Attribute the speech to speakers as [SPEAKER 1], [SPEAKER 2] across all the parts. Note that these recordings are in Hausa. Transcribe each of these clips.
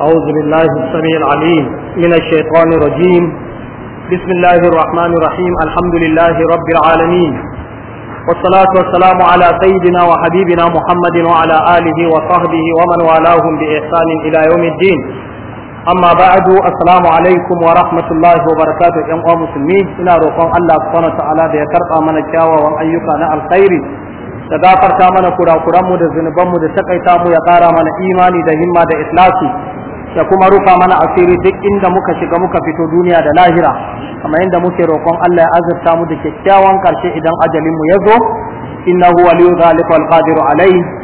[SPEAKER 1] أعوذ بالله السميع العليم من الشيطان الرجيم بسم الله الرحمن الرحيم الحمد لله رب العالمين والصلاة والسلام على سيدنا وحبيبنا محمد وعلى آله وصحبه ومن والاهم بإحسان إلى يوم الدين أما بعد السلام عليكم ورحمة الله وبركاته يا مسلمين إلى روحهم الله سبحانه وتعالى بيكرق من الجاوى وأيقنا الخير da gafarta mana kurakuranmu da zunubanmu da takaita mu ya ƙara mana imani da himma da ikhlasi da kuma rufa mana asiri duk inda muka shiga muka fito duniya da lahira kamar yadda muke roƙon Allah ya azurta mu da kyakkyawan karshe idan ajalin mu ya zo innahu waliyyu zalika wal qadiru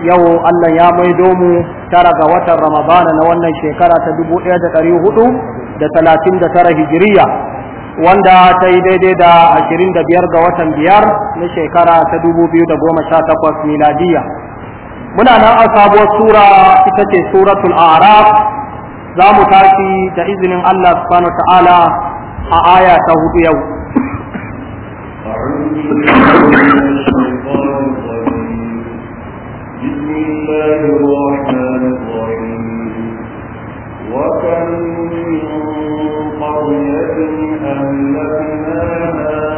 [SPEAKER 1] yau Allah ya maido mu tara ga watan Ramadan na wannan shekara ta 1439 Hijiriya wanda ta yi daidai da 25 ga watan biyar na shekara ta 2018 miladiya muna nan a sabuwar sura ita ce suratul a'raf za mu tashi da izinin Allah subhanahu ta'ala a aya ta hudu yau
[SPEAKER 2] وكم من قرية أهلكناها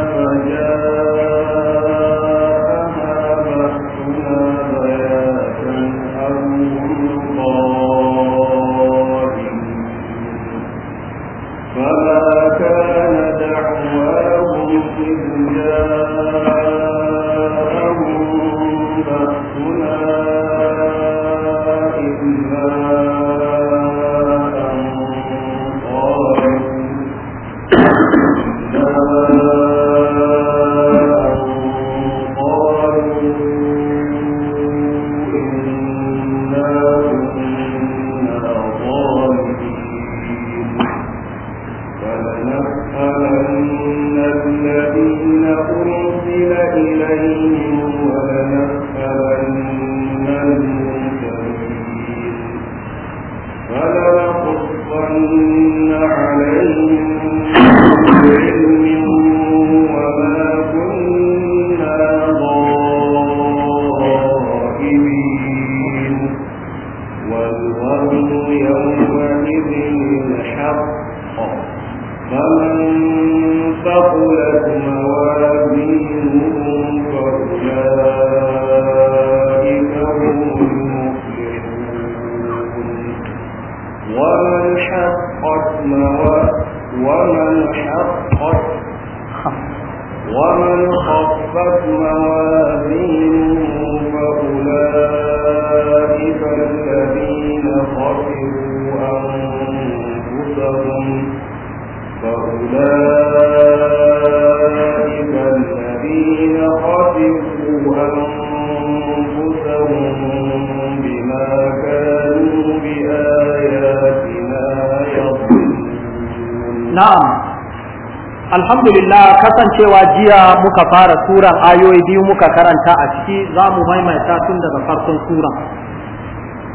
[SPEAKER 1] cewa jiya muka fara suran ayoyi biyu muka karanta a ciki za mu maimaita tun daga farkon suran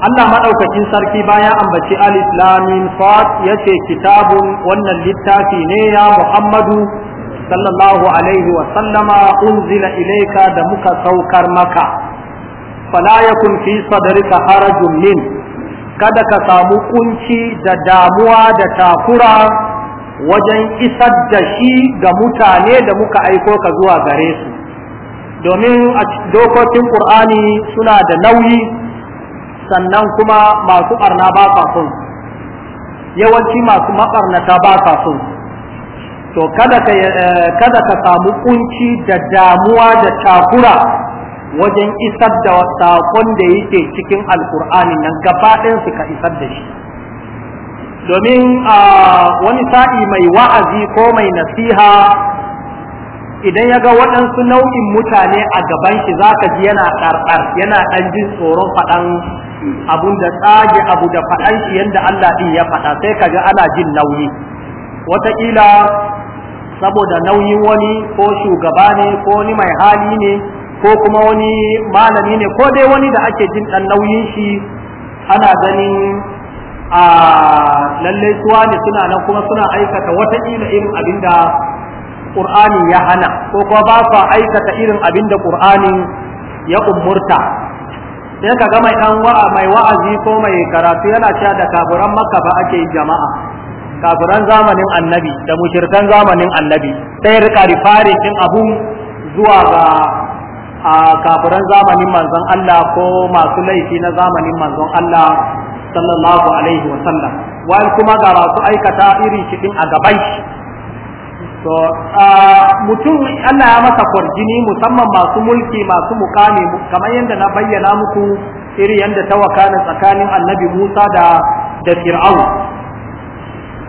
[SPEAKER 1] Allah maɗaukakin sarki bayan ambaci alif fat ya ce kitabun wannan littafi ne ya Muhammadu sallallahu alaihi wa sallama unzila ilaika da muka saukar maka fala yakun fi sadrika harajun min kada ka samu kunci da damuwa da takura wajen isar da shi ga mutane da muka aiko ka zuwa gare su domin a dokokin ƙur'ani suna da nauyi sannan kuma masu ɓarna ba sa son yawanci masu maɓarnata ba sa son to kada ka eh, samu ƙunci da damuwa da takura wajen isar da saƙon da yake cikin alƙur'ani nan gaba ɗayansu ka isar da shi domin a wani sa'i mai wa'azi ko mai nasiha idan ya ga waɗansu nau'in mutane a gaban shi za ka ji yana ƙarƙar yana ɗan jin tsoron faɗan abun da tsage abu da faɗan shi yadda Allah ɗin ya faɗa sai ka ga ana jin nauyi wataƙila saboda nauyin wani ko shugaba ne ko wani mai hali ne ko kuma wani malami ne ko dai wani da ake jin ɗan nauyin shi ana ganin a lallai suwa ne suna nan kuma suna aikata wataƙila irin abin da ƙur'ani ya hana ko kuma ba su aikata irin abin da ƙur'ani ya umurta sai ka ga mai ɗan mai wa'azi ko mai karatu yana cewa da kafiran makka ba ake jama'a kafiran zamanin annabi da mushirkan zamanin annabi sai rika rifari din abun zuwa ga a kafiran zamanin manzon Allah ko masu laifi na zamanin manzon Allah sallallahu alaihi wa sallam wani kuma ga masu aikata irin shi din a gaban shi to mutum Allah ya masa kwarjini musamman masu mulki masu mukami kamar yadda na bayyana muku iri yadda ta wakana tsakanin annabi Musa da da Fir'aun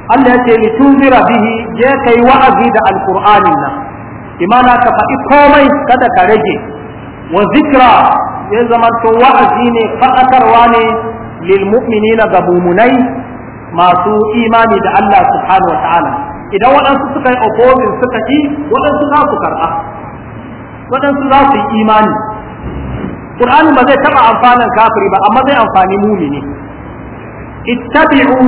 [SPEAKER 1] Allah ya ce li tunzira bihi je kai wa'azi da alqur'anin nan imana ka faɗi komai kada ka rage wa zikra ya zama to wa'azi ne fa'atarwa ne lil mu'minina ga mumunai masu imani da Allah subhanahu wa ta'ala idan waɗansu suka yi opposing suka ki waɗansu za su waɗansu za su yi imani Qur'ani ba zai taɓa amfanin kafiri ba amma zai amfani mumini ittabi'u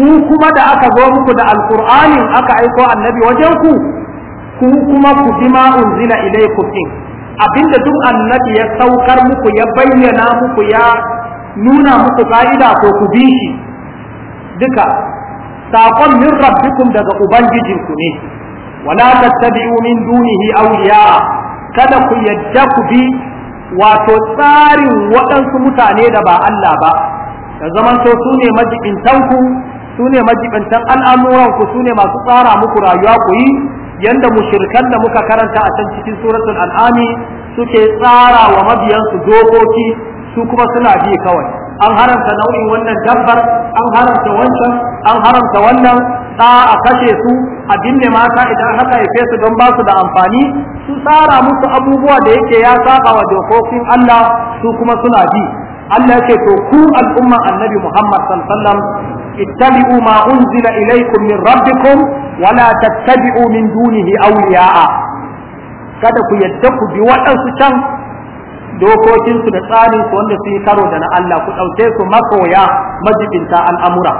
[SPEAKER 1] ku kuma da aka zo muku da alqur'ani aka aiko annabi wajen ku kuma ku bi ma unzila ilaykum abinda duk annabi ya saukar muku ya bayyana muku ya nuna muku ka'ida ko ku bi shi duka saƙon min rabbikum daga ubangijinku ne wala tattabi'u min dunihi awliya kada ku yadda ku bi wato tsarin waɗansu mutane da ba Allah ba da zaman so su ne majibintanku su ne majibintan al'amuranku su ne masu tsara muku rayuwa ku yi yanda mushrikan da muka karanta a can cikin suratul al'ami suke tsara wa mabiyansu dokoki su kuma suna bi kawai an haramta nau'in wannan dabbar an haramta wancan an haramta wannan da a kashe su a binne mata idan haka ya su don ba su da amfani su tsara musu abubuwa da yake ya saba wa dokokin Allah su kuma suna bi Allah yake to ku al'umma annabi Muhammad sallallahu alaihi ittabi'u ma unzila ilaykum min rabbikum wa la tattabi'u min dunihi awliya'a kada ku yadda ku bi waɗansu can dokokinsu da tsarinsu wanda su yi karo da na Allah ku ɗauke su makoya majibinta al'amura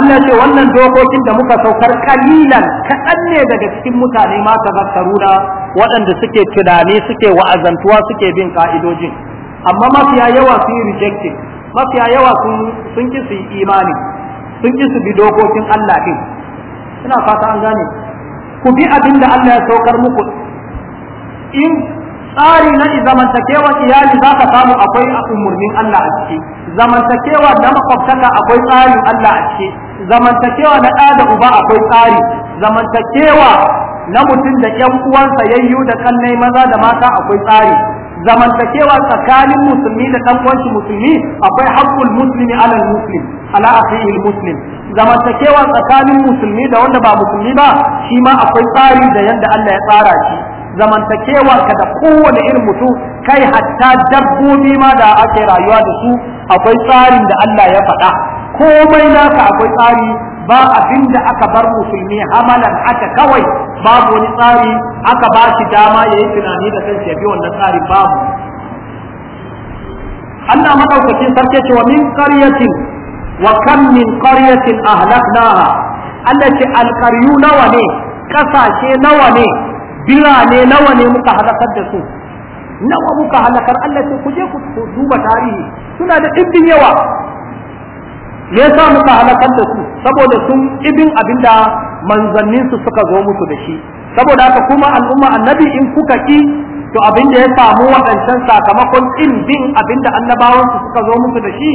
[SPEAKER 1] Allah ce wannan dokokin da muka saukar kalilan kaɗan ne daga cikin mutane ma tazakkaruna waɗanda suke tunani suke wa'azantuwa suke bin ka'idojin amma mafiya yawa sun yi rejected, mafiya yawa sun ki su yi imani sun ki su bi dokokin Allah din ina fata an gane ku bi abin da Allah ya saukar muku in tsari na zamantakewa iyali za ka samu akwai umurnin Allah a ciki zamantakewa na makwabtaka akwai tsarin Allah a ciki zamantakewa na ɗa da uba akwai tsari zamantakewa na mutum da ƴan uwansa yayyu da kannai maza da mata akwai tsari zamantakewa tsakanin musulmi da ɗan uwanshi musulmi akwai haƙƙul muslimi ala muslim ala akhihi muslim zamantakewa tsakanin musulmi da wanda ba musulmi ba shi ma akwai tsari da yanda Allah ya tsara shi ka da kowane irin mutum kai hatta dabbobi ma da ake rayuwa da su akwai tsarin da Allah ya faɗa komai naka akwai tsari ba abin da aka bar musulmi hamalan aka kawai babu wani tsari aka ba shi dama ya yi tunani da kan ya wannan tsari babu Allah madaukakin sarki ce wa min qaryatin wa kam min qaryatin ahlaknaha Allah ce alqaryu nawa ne kasashe nawa ne birane nawa ne muka halakar da su nawa muka halakar Allah ce ku je ku duba tarihi suna da ɗimbin yawa me yasa muka halakar da su saboda sun ibin abinda manzannin su suka zo musu da shi saboda haka kuma al'umma annabi in kuka ki to abin da ya samu waɗancan sakamakon ɗin bin abin da annabawansu suka zo musu da shi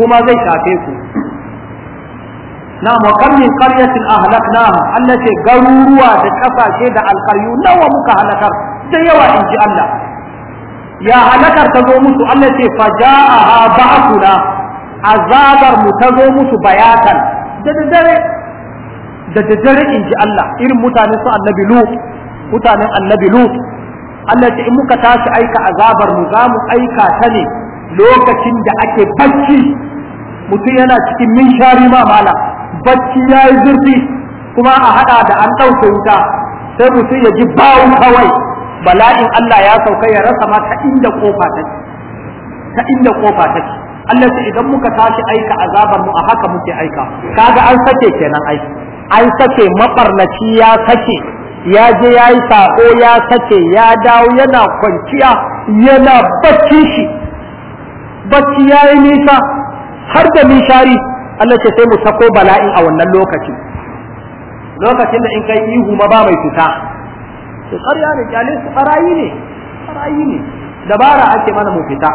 [SPEAKER 1] kuma zai shafe ku na makammin karyatin ahlaknaha Allah ce garuruwa da kasashe da alkaryu nawa muka halakar da yawa in ji Allah ya halakar ta zo musu Allah ce faja'aha ba'athuna azabar mu ta zo musu bayatan da dare da dare in ji Allah irin mutanen su annabi lu. mutanen annabi lu. Allah ce in muka tashi aika azabar mu za mu aika ta ne lokacin da ake bacci mutum yana cikin min shari ma malam bacci ya yi zurfi kuma a haɗa da an ɗauke wuta sai mutum ya ji bawon kawai bala'in Allah ya sauka ya rasa ma ta inda kofa ta ta inda kofa ta Allah ce idan muka tashi aika azabar mu a haka muke aika kaga an sake kenan ai an sake mabarnaci ya sake ya je ya yi sako ya sake ya dawo yana kwanciya yana bacci shi bacci ya yi nisa har da mishari Allah ce sai mu sako bala'in a wannan lokaci lokacin da in kai ihu ma ba mai fita to ƙarya ne kyale su ƙarayi ne ƙarayi ne dabara ake mana mu fita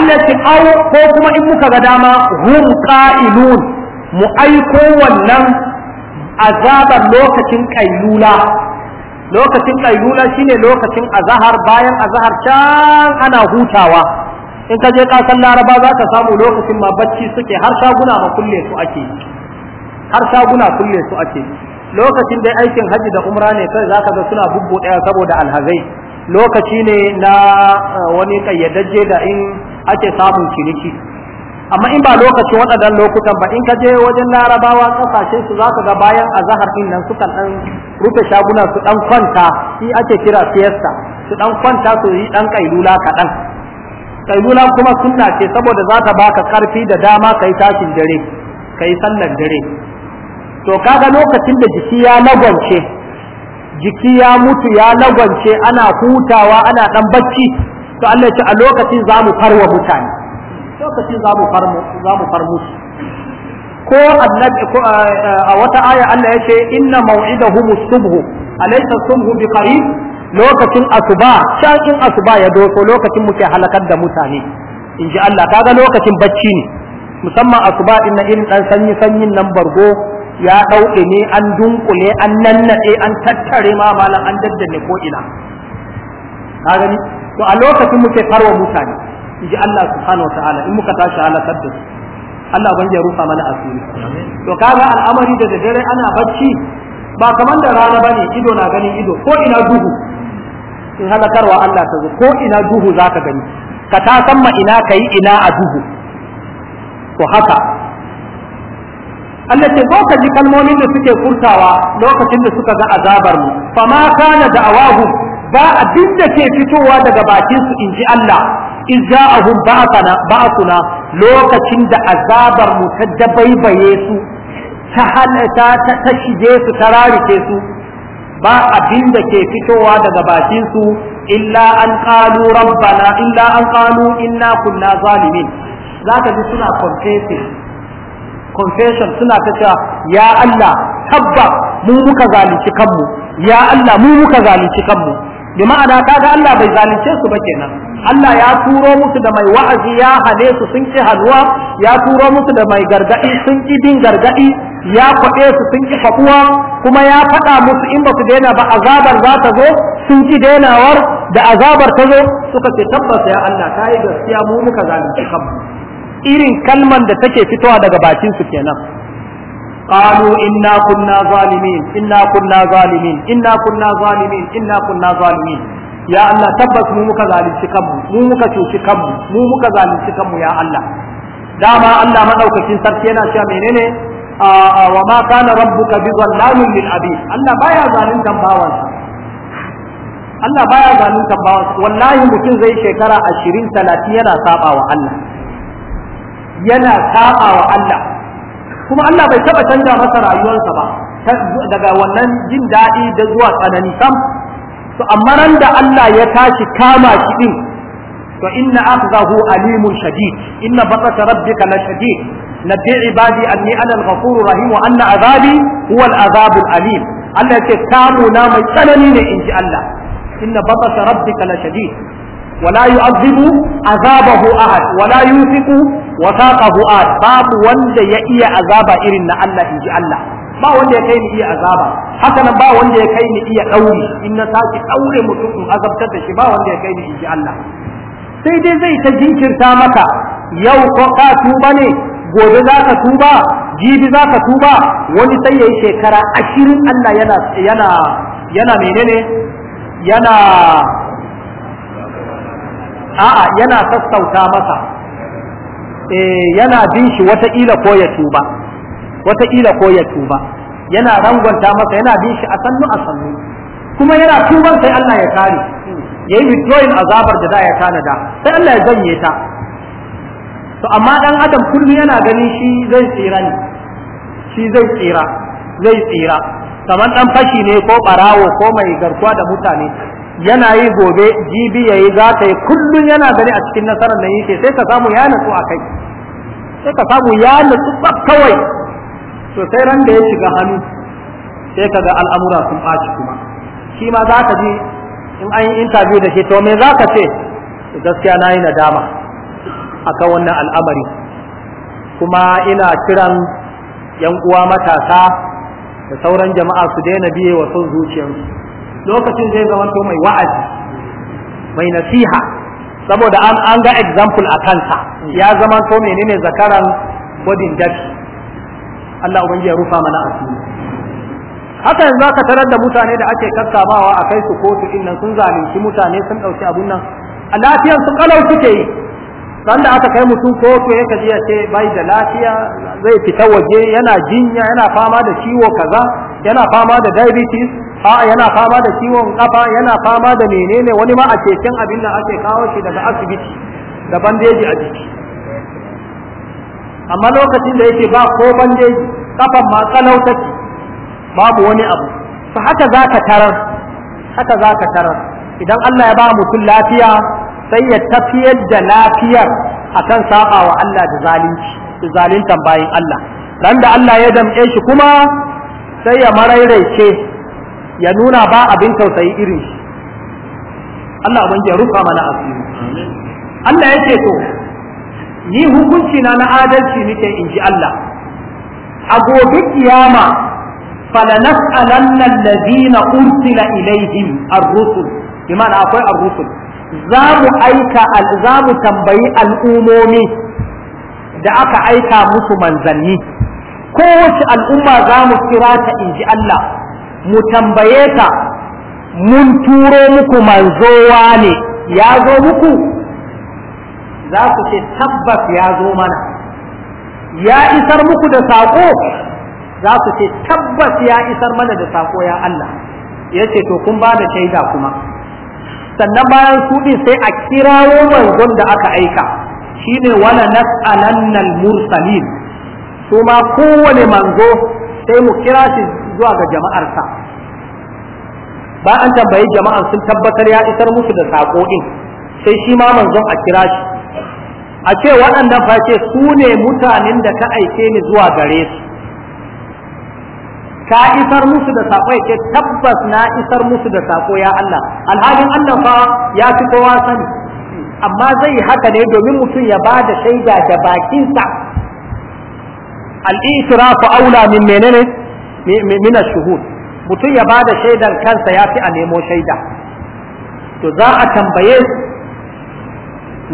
[SPEAKER 1] Allah ce aw ko kuma in muka ga dama hum qa'ilun mu aiko wannan azabar lokacin kailula lokacin kailula shine lokacin azahar bayan azahar can ana hutawa in ka je kasan laraba za ka samu lokacin ma bacci suke har shaguna ma kulle su ake har shaguna kulle su ake lokacin dai aikin hajji da umra ne kai za ga suna bubbu daya saboda alhazai lokaci ne na eh, wani kayyadajje da in ake samun ciniki amma in ba lokacin waɗannan lokutan ba in ka je wajen larabawa ƙasashen su za ka ga bayan azahar din nan sukan ɗan rufe shaguna su dan kwanta shi ake kira siyasta su dan kwanta su yi dan kailula kaɗan kailula kuma sunna ce saboda za ta baka karfi da dama kai tashin dare kai sallar dare to kaga lokacin da jiki ya lagwance jiki ya mutu ya lagwance ana hutawa ana dan bacci to Allah ce a lokacin za mu farwa mutane lokacin za mu farmu za mu farmu ko annabi ko eh, eh, a wata aya Allah ya ce inna maw'idahum as-subh alaysa as-subh biqarib lokacin asuba can in asuba ya doso lokacin muke halakar da mutane in ji Allah kaga lokacin bacci ne musamman asuba din na irin dan sanyi sanyin nan bargo ya dauke ne an dunkule an nannade an tattare ma malam an daddane ko ina ka gani to a lokacin muke farwa mutane in ji Allah subhanahu wa in muka tashi halakar da su Allah ban ya rufa mana asiri to kaga al'amari da dare ana bacci ba kamar da rana bane ido na ganin ido ko ina duhu in halakarwa Allah ta zo ko ina duhu za ka gani ka ta san ma ina ka yi ina a duhu to haka Allah ce ka ji kalmomin da suke furtawa lokacin da suka ga azabar mu fa ma kana da awahu ba abin da ke fitowa daga bakin su inji Allah in ja'ahum ba'athana ba'athuna lokacin da azabar mu ta dabaibaye su ta ta shige su ta rarike su ba abin da ke fitowa daga bakin su illa an qalu rabbana illa an qalu inna kunna zalimin zaka ji suna confessing confession suna ta cewa ya Allah tabba mu muka zalunci kanmu ya Allah mu muka zalunci kanmu bi ma'ana kaga Allah bai zalunce su ba kenan Allah ya turo musu da mai wa'azi ya hane su sun ki halwa ya turo musu da mai gargadi sun ki bin gargadi ya kwaɗe su sun ki faɗuwa kuma ya faɗa musu in ba su daina ba azabar za ta zo sun ki dainawar da azabar ta zo suka ce tabbas ya Allah ka yi gaskiya mu muka zalunci kanmu irin kalman da take fitowa daga bakin su kenan قالوا إنا كنا ظالمين إنا كنا ظالمين إنا كنا ظالمين إنا كنا ظالمين يا الله تبس مو ظالم شكمو مو شو شكمو مو ظالم شكمو يا الله داما الله ما أوكا كين سرسينا شا wa ma kana rabbuka bi zallamin lil abid Allah baya zalunta bawansa Allah baya zalunta bawansa wallahi mutum zai shekara 20 30 yana saba wa Allah yana saba wa Allah kuma Allah bai taba canza masa rayuwarsa ba daga wannan jin daɗi da zuwa tsanani sam to amma ran da Allah ya tashi kama shi din to inna akhdahu alimun shadid inna batata rabbika la shadid نبي عبادي أني أنا الغفور الرحيم وأن عذابي هو العذاب الأليم الله يتي كامو نام سننين إن شاء الله إن بطش ربك لشديد ولا يعذب عذابه أحد ولا يوثق وثاقه أحد باب وند يئي عذاب إرن الله إن شاء الله ba wanda ya kai ni iya azaba haka nan ba wanda ya kai ni iya ɗauri in na sake ɗaure mutum in azabtar da shi ba wanda ya kai ni in ji Allah sai dai zai ta jinkirta maka yau ko ka tuba ne gobe za ka tuba jibi za ka tuba wani sai ya yi shekara ashirin Allah yana yana yana menene yana a'a yana sassauta masa eh, yana bin shi wataƙila ko ya tuba wataƙila ko ya tuba yana rangwanta masa yana bin shi a sannu a sannu kuma yana tuban sai Allah ya kare yayi withdrawing azabar da za ya tanada sai Allah ya janye ta to amma dan adam kullum yana gani shi zai tsira ne shi zai tsira zai tsira kamar dan fashi ne ko barawo ko mai garkuwa da mutane yana yi gobe jibi yayi za ta yi kullum yana gani a cikin nasarar da yake sai ka samu ya nutsu a kai sai ka samu ya nutsu kawai to sai ran da ya shiga hannu sai ka ga al'amura sun ɓaci kuma shi ma za ka ji in an yi interview da shi to me za ka ce gaskiya na yi nadama akan wannan al'amari kuma ina kiran yan uwa matasa da sauran jama'a su daina biye wa son zuciyarsu lokacin zai to mai wa'azi mai nasiha saboda an an ga example a kansa ya to menene zakaran bodin dafi Allah ubangiji ya rufa mana asiri haka yanzu aka tarar da mutane da ake kakkamawa a kai su kotu din sun zalunci mutane sun dauki abun nan a lafiyar su kalau suke yi dan aka kai mutum kotu ya kaji ya ce bai da lafiya zai fita waje yana jinya yana fama da ciwo kaza yana fama da diabetes a yana fama da ciwon kafa yana fama da menene wani ma a keken abin da ake kawo shi daga asibiti da bandeji a jiki amma lokacin da yake ba ko bandeji kafan ma kalauta babu wani abu to haka zaka tarar haka zaka tarar idan Allah ya ba mutum lafiya sai ya tafiyar da lafiyar a kan saba wa Allah da zalunci zaluntan bayin Allah ran da Allah ya damƙe shi kuma sai ya marairaice ya nuna ba abin tausayi irin shi Allah ubangiji ya rufa mana asiri Allah yake to ni hukunci na na adalci nake in ji Allah a gobe kiyama falanas'alanna allazina ursila ilaihim ar-rusul imana akwai ar-rusul za mu aika za mu tambayi al'umomi da aka aika musu manzanni kowace al'umma za mu kira ta in ji Allah mu tambaye ta mun turo muku manzowa ne ya zo muku za ku ce tabbas ya zo mana ya isar muku da saƙo za ku ce tabbas ya isar mana da saƙo ya Allah ya ce to kun ba da shaida kuma sannan bayan su din sai a kirawo manzon da aka aika shine wala nas'alannal mursalin su ma kowane manzo sai mu kira shi zuwa ga jama'arsa ba an tambayi jama'ar sun tabbatar ya isar musu da sako din sai shi ma manzon a kira shi a ce waɗannan fa ce su ne mutanen da ka aike ni zuwa gare su ka isar musu da sako ya ce tabbas na isar musu da sako ya Allah alhalin Allah fa ya fi kowa sani amma zai yi haka ne domin mutum ya ba da shaida da bakinsa al aula min menene min shuhud mutum ya ba da shaidar kansa ya fi a nemo shaida to za a tambaye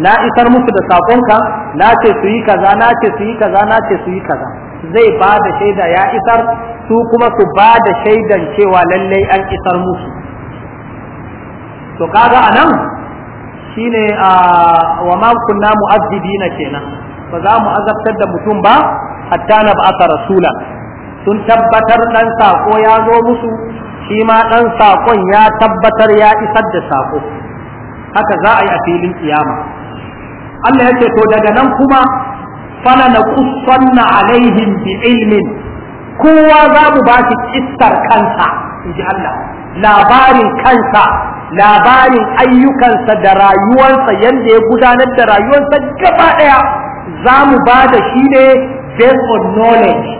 [SPEAKER 1] na isar musu da sakonka na ce su yi kaza na ce su yi kaza na ce su yi kaza zai ba da shaida ya isar su kuma su ba da shaidan cewa lallai an isar musu to kaga anan shine a wa ma kunna mu'azzibina kenan ba za mu azabtar da mutum ba hatta na ba'atha rasula sun tabbatar dan sako ya zo musu shi ma dan sakon ya tabbatar ya isar da sako haka za a yi a filin kiyama Allah ya ce to daga nan kuma fala na kusanna alaihim bi ilmin kowa za mu ba shi kissar kansa inji Allah labarin kansa labarin ayyukansa da rayuwarsa yadda ya gudanar da rayuwarsa gaba ɗaya, za mu ba da shi ne based on knowledge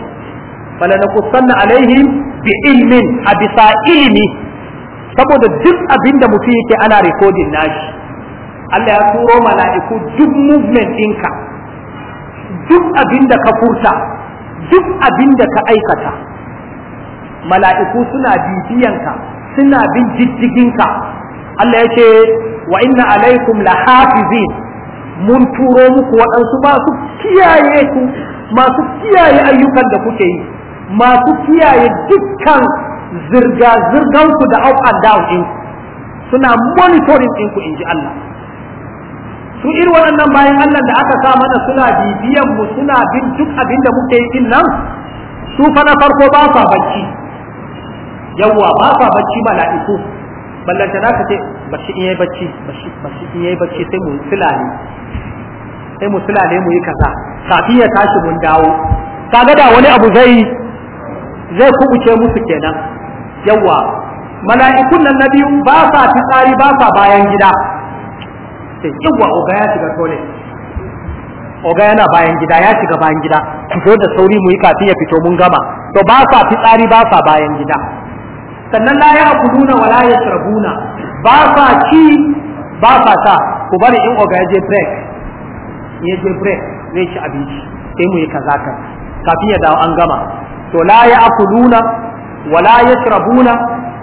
[SPEAKER 1] fala kusanna alaihim bi ilmin a bisa ilimi saboda duk abinda mutum yake ana rikodin nashi Allah ya turo mala'iku duk muvment ɗinka duk abin da ka furta duk abin da ka aikata mala'iku suna bibiyanka suna bin jijjiginka Allah ya ce wa inna alaikum la hafizin mun turo muku waɗansu masu kiyaye ku masu kiyaye ayyukan da kuke yi masu kiyaye dukkan zirga-zirganku da up and down suna monitoring ɗinku in ji Allah su irin waɗannan bayan Allah da aka sa mana suna bibiyan mu suna bin duk abin da muke yi nan su fa na farko ba sa bacci yawwa ba sa bacci mala'iku ballanta na ce bashi in yayi bacci bashi in yayi bacci sai mu sulale sai mu sulale mu yi kaza kafin ya tashi mun dawo kaga da wani abu zai zai kubuce musu kenan yawwa mala'ikun nan na biyu ba sa fitsari ba sa bayan gida sai yawa oga ya shiga tole oga yana bayan gida ya shiga bayan gida fito da sauri mu yi kafin ya fito mun gama to ba sa fitsari ba sa bayan gida sannan la ya'kuluna wa la yashrabuna ba sa ci ba sa sa ku bari in oga ya je break ya je break ne ci abinci sai mu yi kaza ka kafin ya dawo an gama to la ya'kuluna wa la yashrabuna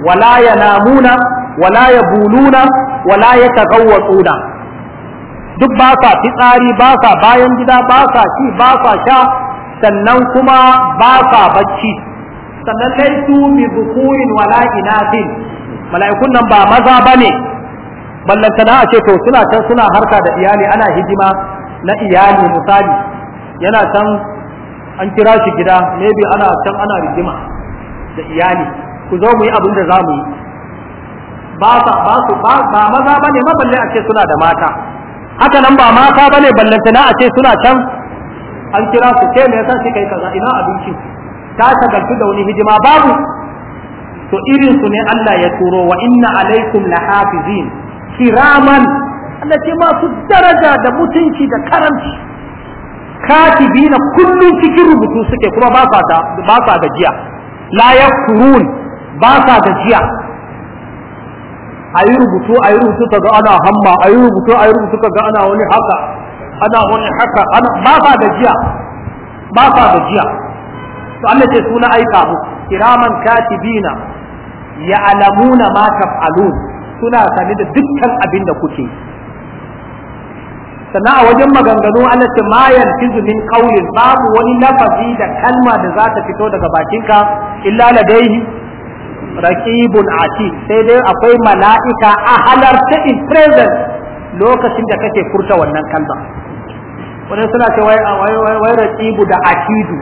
[SPEAKER 1] wa la yanamuna wa la yabuluna wa la tagawwatsuna. duk ba sa fitsari ba sa bayan gida ba sa ci ba sa sha sannan kuma ba sa bacci sannan su bi zukurin wala inatin mala'ikun nan ba maza bane ballantana a ce to suna can suna harka da iyali ana hidima na iyali misali yana can an kira shi gida maybe ana can ana rigima da iyali ku zo mu yi abin da za mu yi ba ba su ba maza bane ma a ce suna da mata haka nan ba mata bane ballantana a ce suna can an kira su ke me yasa kika yi kaza ina abinci ta shagaltu da wani hijima babu to irin su ne Allah ya turo wa inna alaikum lahafizin kiraman Allah ce masu daraja da mutunci da karamci na kullum cikin rubutu suke kuma ba sa gajiya la yakurun ba sa gajiya a yi rubutu a yi rubutu ka ga ana hamma a yi rubutu a yi rubutu ka ga ana wani haka ana wani haka ana ba sa jiya, ba sa jiya. to Allah ce suna aika mu kiraman katibina ya alamuna ma taf'alun suna sani da dukkan abin da kuke sannan a wajen maganganu Allah ce ma yalfizu min qawlin babu wani lafazi da kalma da za ta fito daga bakinka illa ladaihi raqibun ati sai dai akwai mala'ika a halarta in present lokacin da kake furta wannan kalma wani suna ce wai wai wai raqibu da atidu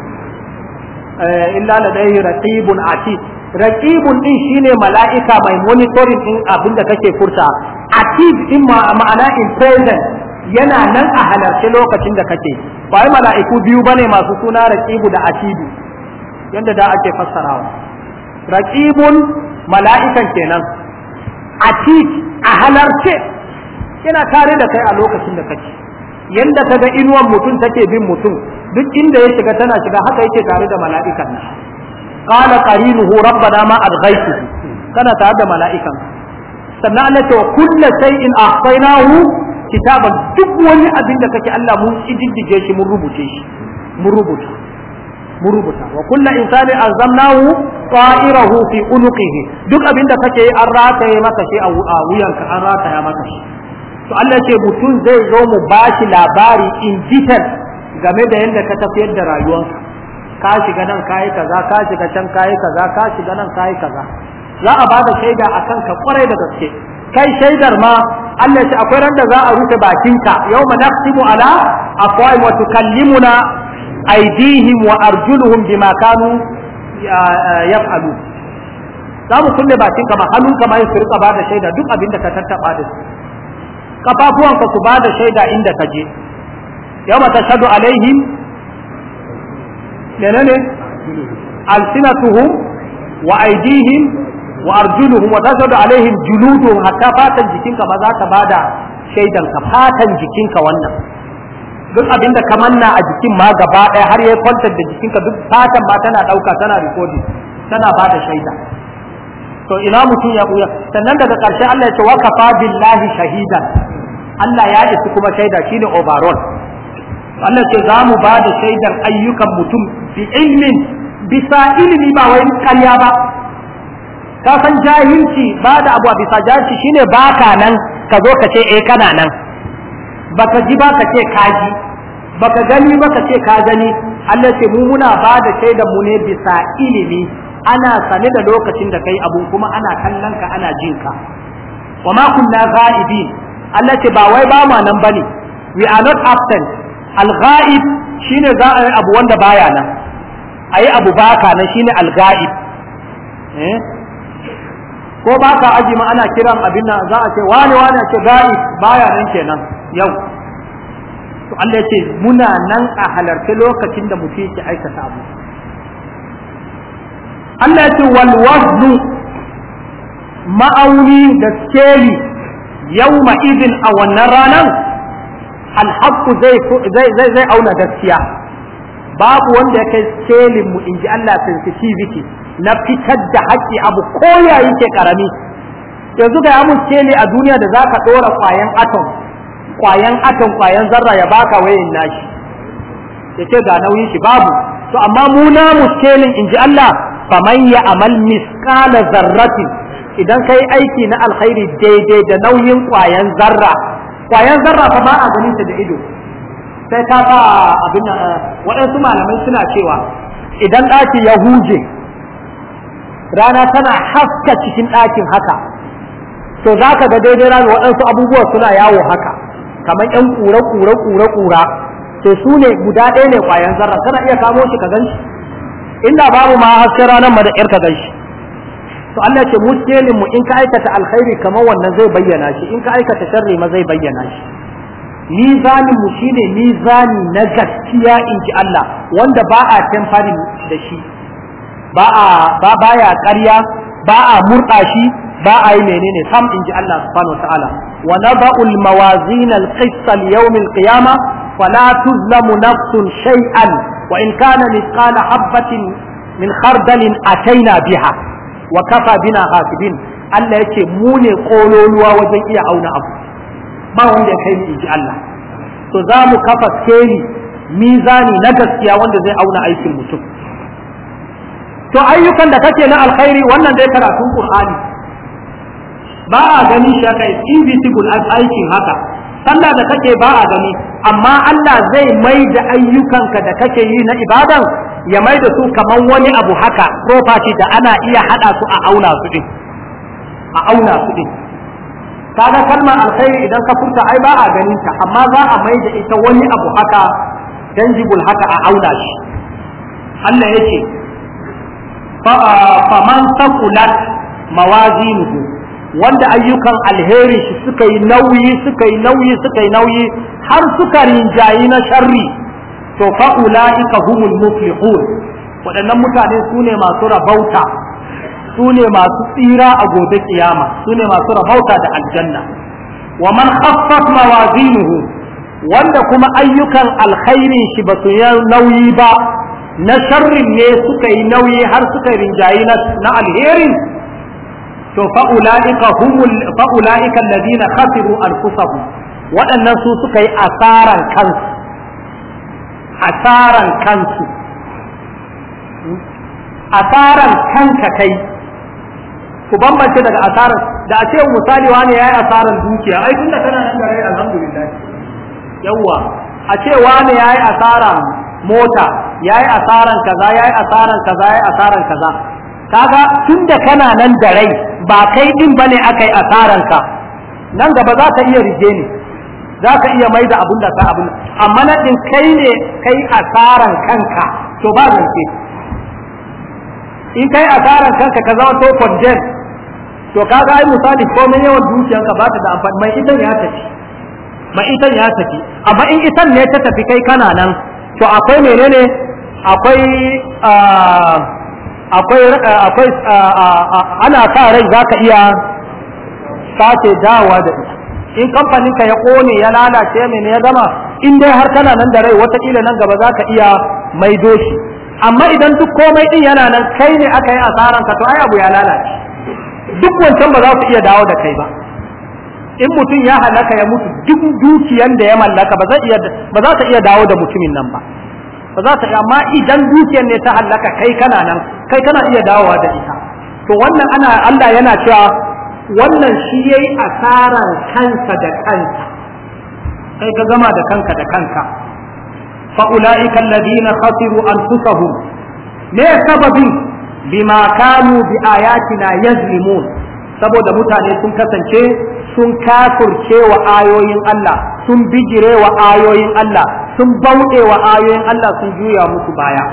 [SPEAKER 1] eh, illa ladayhi raqibun ati raqibun din shine mala'ika mai monitoring din abin da kake furta atid din ma'ana in present yana nan a halarce lokacin da kake ba mala'iku biyu bane masu suna raqibu da atidu yanda da ake fassarawa Raƙibun mala'ikan kenan a ci a halarce yana tare da kai a lokacin da kake ta kaga inuwan mutum take bin mutum duk inda ya shiga tana shiga haka yake tare da mala'ikan nan qala qarinuhu rabbana ma adghaytu kana tare da mala'ikan sannan Allah sai in shay'in ahsaynahu kitaban duk wani abin da kake Allah mun kididdige shi mun rubuce shi mun rubuta mun rubuta wa kullu insani alzamnahu ta'irahu fi unuqihi duk abinda kake an rataye masa shi a wuyanka an rataya masa shi to Allah ce mutum zai zo mu bashi labari in detail game da yadda ka tafiyar da rayuwarka ka shiga nan kayi kaza ka shiga can kayi kaza ka shiga nan kayi kaza za a bada shaida akan ka kwarai da gaske kai shaidar ma Allah ce akwai ran da za a rufe bakinka yau ma naqtimu ala afwaim wa tukallimuna aidihim wa arjuluhum bima kanu eh, yaf'alu za mu kulle bakin kama hannun kama yin su rika ba da shaida duk abinda ka tattaba da su kafafuwan ka su ba da shaida inda ka je Yau yawma tashhadu alaihim menene alsinatuhum wa aidihim wa arjuluhum wa tashhadu alaihim juluduhum hatta fatan jikinka ba za ta da shaidan ka fatan jikinka wannan duk abin da ka manna a jikin ma gaba ɗaya har ya kwantar da jikinka duk fatan ma tana ɗauka tana rikodi tana ba da shaida to ina mutum ya buya sannan daga ƙarshe Allah ya ce wa kafa billahi shahidan Allah ya isi kuma shaida shine overall Allah ce za mu ba da shaidar ayyukan mutum bi ilmin bisa ilimi ba wai ƙarya ba ka san jahilci ba da abu a bisa jahilci shine baka nan ka zo ka ce eh kana nan baka ji ba ka ce baka gani ba ka ce ka gani Allah ce mu muna ba da shaidar mu ne bisa ilimi ana sane da lokacin da kai abu kuma ana kallon ka ana jin ka wa ma kunna ghaibin Allah ce ba wai ba ma nan bane we are not absent al ghaib shine za a yi abu wanda baya nan ayi abu baka nan shine al ghaib eh ko ba ka aji ma ana kiran abin nan za a ce wani wani ce gari baya nan kenan yau to Allah ya ce muna nan a halarci lokacin da mutum yake aikata abu Allah ya ce wal ma'auni da skeli yawma idin a wannan ranar alhaqqu zai zai zai auna gaskiya babu wanda ya kai selin mu inji Allah sensitivity na fitar da haƙƙi abu ko yake karami yanzu ga yamun seli a duniya da zaka ɗora kwayan atom kwayan atom kwayan zarra ya baka wayin nashi yace ga nauyin shi babu to amma mu na mu selin inji Allah faman ya amal misqala zarratin idan kai aiki na alkhairi daidai da nauyin kwayan zarra kwayan zarra fa ba a ganin ta da ido sai ta fa abin eh, waɗansu malamai suna cewa idan ɗaki ya huje rana tana haska cikin ɗakin haka to za ka ga daidai rana waɗansu abubuwa suna yawo haka kamar ƴan ƙura ƙura ƙura ƙura to su ne guda ɗaya ne ƙwayan zarra kana iya kamo shi ka gan shi inda babu ma hasken ranar ma da ƴar ka gan shi to Allah ce muskilin mu in ka aikata alkhairi kamar wannan zai bayyana shi in ka aikata sharri ma zai bayyana shi mizanin mu shine mizani na gaskiya in ji Allah wanda ba a tamfarin da shi ba a ba baya ƙarya ba a murɗa shi ba a yi menene sam in ji Allah subhanahu wataala wa nada'u al-mawazin al-qist al-yawm al-qiyamah fala tuzlamu nafsun shay'an wa in kana mithqala habatin min khardalin ataina biha wa kafa bina hasibin Allah yake mu ne kololuwa wajen iya auna abu ba wanda ya kai mu inji Allah to za mu kafa keli mizani na gaskiya wanda zai auna aikin mutum to ayyukan da kake na alkhairi wannan dai karatun qur'ani ba a gani shi haka invisible aikin haka sallah da kake ba a gani amma Allah zai mai da ayyukanka da kake yi na ibadan ya mai da su kamar wani abu haka property da ana iya hada su a auna su din a auna su din kaga kalmar alkhairi idan ka furta ai ba a ganin ta amma za a mai da ita wani abu haka tangible haka a auna shi Allah yake faman sakulat mawazinuhu wanda ayyukan alheri shi suka yi nauyi suka yi nauyi suka yi nauyi har suka rinjayi na sharri to fa ulaika humul muflihun waɗannan mutane sune masu rabauta su ne masu tsira a gobe kiyama su ne masu rahauta da aljanna wa man khaffat mawazinuhu wanda kuma ayyukan alkhairin shi ba su nauyi ba na sharrin ne suka yi nauyi har suka rinjayi na alherin to fa ulaika humul fa ulaika alladhina khasiru anfusahum waɗannan su suka yi asaran kansu asaran kansu asaran kanka kai ku bambance daga asarar da a ce misali wani yayi asarar dukiya ai tunda kana nan da rai alhamdulillah yawa a ce wani yayi asara mota yayi asaran kaza yayi asaran kaza yayi asaran kaza kaga tunda kana nan da rai ba kai din bane akai asaran ka nan gaba za ka iya rige ni za ka iya maida abun da ka abun amma na din kai ne kai asaran kanka to ba zance in kai asaran kanka ka zama to condemned to kaga ai misali komai yawan dukiyanka ba ta da amfani mai idan ya tafi mai idan ya tafi amma in itan ne ta tafi kai kana nan to akwai menene akwai akwai akwai ana sa rai zaka iya sace dawa da ita in kamfanin ka ya kone ya lalace ne ya gama in dai har kana nan da rai wataƙila nan gaba zaka iya mai doshi? amma idan duk komai din yana nan kai ne aka yi asaran ka to ai abu ya lalace duk wancan ba za su iya dawo da kai ba in mutum ya halaka ya mutu duk dukiyan da ya mallaka ba za ta iya dawo da mutumin nan ba ba za ta iya amma idan dukiyan ne ta halaka kai kana nan kai kana iya dawowa da ita to wannan ana Allah yana cewa wannan shi yayi asaran kansa da kansa kai ka zama da kanka da kanka fa ulaika alladhina khasiru anfusahum me sababin bima kanu bi ayatina yazlimun saboda mutane sun kasance sun kafurce wa ayoyin Allah sun bijire wa ayoyin Allah sun bauɗe wa ayoyin Allah sun juya musu baya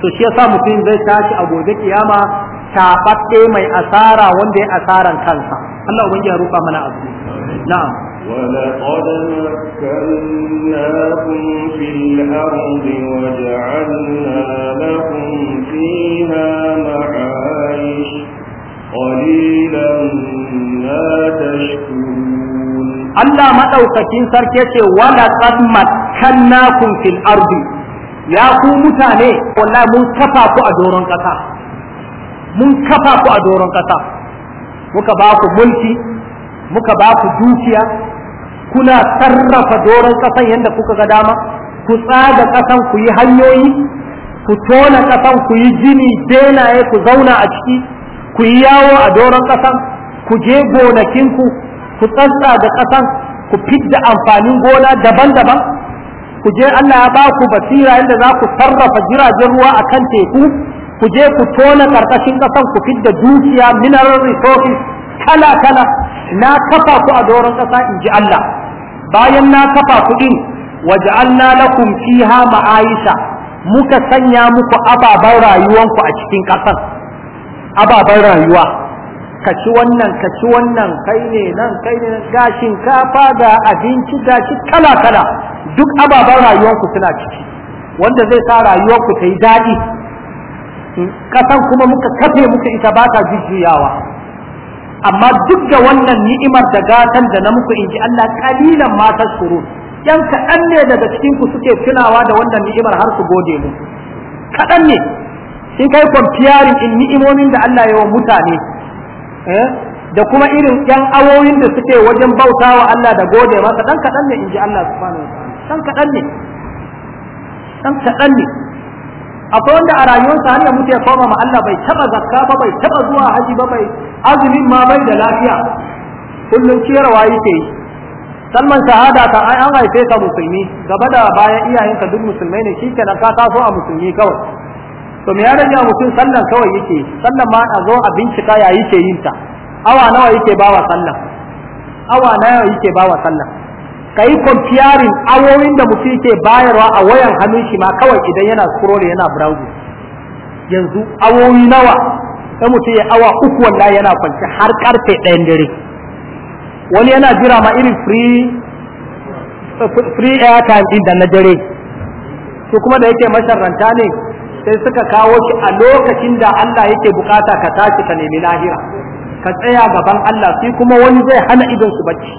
[SPEAKER 1] to shi yasa mutum zai tashi a gobe kiyama tabatse mai asara wanda ya asaran kansa Allah ubangiji ya rufa mana asiri na'am
[SPEAKER 2] ولقد مكناكم في الأرض وجعلنا لكم فيها معايش قليلا ما تشكرون
[SPEAKER 1] ألا ما أوكتين سركيتي ولقد مكناكم في الأرض يا ku متاني ولا mun kafa ku a doron ƙasa mun kafa ku a doron ƙasa muka ba ku mulki muka ba ku dukiya kuna sarrafa doron ƙasan yadda kuka ga dama ku tsada ƙasan ku yi hanyoyi ku tona ƙasan ku yi jini benaye ku zauna a ciki ku yi yawo a doron ƙasan ku je gonakinku ku tsatsa da ƙasan ku fidda amfanin gona daban-daban ku je Allah ya ba ku basira yadda za ku sarrafa jiragen ruwa a kan teku ku je ku tona ƙarƙashin ƙasan ku fidda dukiya mineral resources kala-kala na kafa ku a doron ƙasa in ji Allah bayan na kafa kuɗin waj'alna lakum fiha ma'aisha muka sanya muku ababen rayuwanku a cikin ƙasar Ababan rayuwa ka ci wannan ka wannan kai ne nan kai ne ga shinkafa ga abinci ga shi kala kala duk ababen rayuwanku suna ciki wanda zai sa rayuwarku ta yi daɗi ƙasan kuma muka kafe muka ita ba ta jujjuyawa amma duk da wannan ni'imar da gatan da na muku inji Allah kalilan ma tashkurun yan kaɗan ne daga cikin ku suke tunawa da wannan ni'imar har su gode mu kaɗan ne in kai kwamfiyarin in ni'imomin da Allah ya wa mutane eh, da kuma irin yan awoyin da suke wajen bautawa Allah da gode masa dan kaɗan ne inji Allah subhanahu wa ta'ala dan kaɗan ne dan kaɗan ne akwai wanda a rayuwarsa har ya mutu ya koma ma Allah bai taba zakka ba bai taba zuwa haji ba bai azumin ma bai da lafiya kullum ciyarwa yake yi salman shahada ta ai an haife ka musulmi gaba da bayan iyayenka duk musulmai ne shikenan ka taso a musulmi kawai to me ya rage mutum sallan kawai yake sallan ma a zo a bincika ya yake yin ta awa nawa yake bawa sallan awa nawa yake bawa sallan kai comparing awowin da mutum yake bayarwa a wayan hannun shi ma kawai idan yana scroll yana browse yanzu awowi nawa sai mutum ya awa uku wanda yana kwanci har karfe ɗayan dare wani yana jira ma irin free air time din da na dare su kuma da yake masharranta ne sai suka kawo shi a lokacin da Allah yake bukata ka tashi ka nemi lahira ka tsaya gaban Allah sai kuma wani zai hana idon su bacci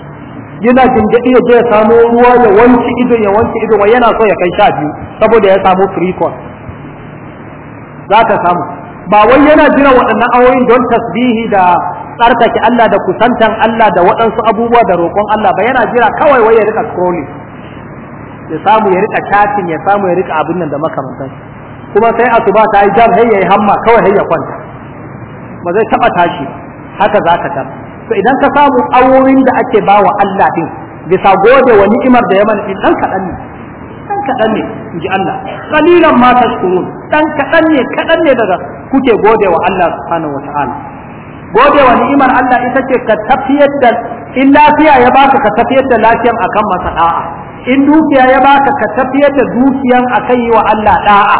[SPEAKER 1] yana jinjadi ya je ya samo ruwa ya wanke idon ya wanke idon wai yana so ya kai sha biyu saboda ya samu free call za ka samu ba wai yana jiran waɗannan ayoyin don tasbihi da tsarkake Allah da kusantan Allah da waɗansu abubuwa da roƙon Allah ba yana jira kawai wai ya rika scrolling ya samu ya rika chatting ya samu ya rika abin nan da makamantan kuma sai asuba ta yi ya hayya hamma kawai hayya kwanta ba zai taba tashi haka za ka tar to idan ka samu awoyin da ake bawa Allah din bisa gode wa ni'imar da ya mana din dan kaɗan ne kaɗan ne in ji Allah qalilan ma tashkurun ɗan kaɗan ne kaɗan ne daga kuke gode wa Allah subhanahu wa ta'ala gode wa ni'imar Allah ita ce ka tafiyar da in lafiya ya baka ka tafiyar da lafiyar akan masa da'a in dukiya ya baka ka tafiyar da dukiyan akan yi wa Allah da'a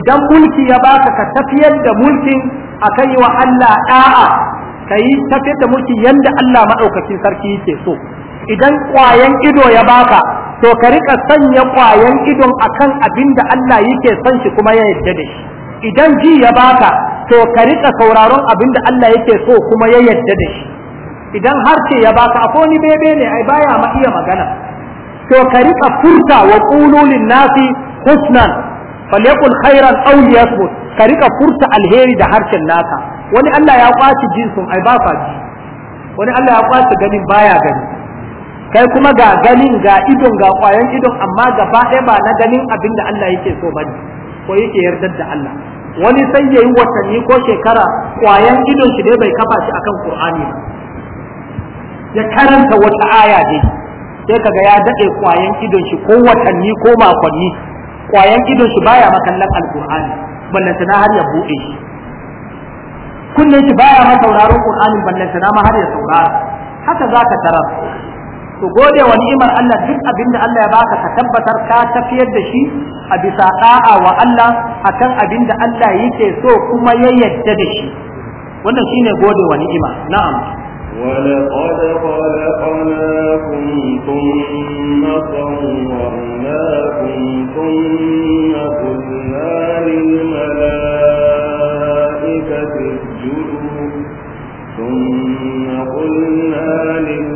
[SPEAKER 1] idan mulki ya baka ka tafiyar da mulkin akan yi wa Allah da'a ka yi tafiyar da mulki yadda Allah maɗaukakin sarki yake so idan kwayan ido ya baka to ka rika sanya kwayan idon akan abin da Allah yake son shi kuma ya yarda da shi idan ji ya baka to ka rika sauraron abin da Allah yake so kuma ya yarda da shi idan harshe ya baka akwai ni bebe ne ai baya ma iya magana to ka rika furta wa qulu lin nasi husnan falyakul khairan aw liyasmut ka rika furta alheri da harshen naka wani Allah ya kwaci jinsun ai ba ji wani Allah ya kwaci ganin baya gani kai kuma ga ganin ga idon ga kwayan idon amma gaba ɗaya ba na ganin abin da Allah yake so bane ko yake yardar da Allah wani sai yayi watanni ko shekara kwayan idon shi ne bai kafa shi akan Qur'ani ba ya karanta wata aya ne sai kaga ya dade kwayan idon shi ko watanni ko makonni kwayan idon shi baya makallan alqur'ani ballantana har ya bude shi kunne shi baya ma sauraron qur'ani ballantana ma har ya saurara haka zaka tarar to gode wa ni'imar Allah duk abinda Allah ya baka ka tabbatar ka tafiyar da shi a bisa da'a wa Allah akan abinda Allah yake so kuma ya yadda da shi wannan shine gode wa ni'ima na'am
[SPEAKER 2] ولقد خلقناكم ثم صورناكم ثم قلنا للملائكة اسجدوا ثم قلنا للملائكة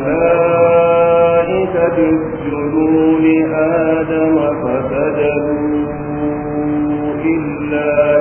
[SPEAKER 2] الملائكة اسجدوا لآدم فسجدوا إلا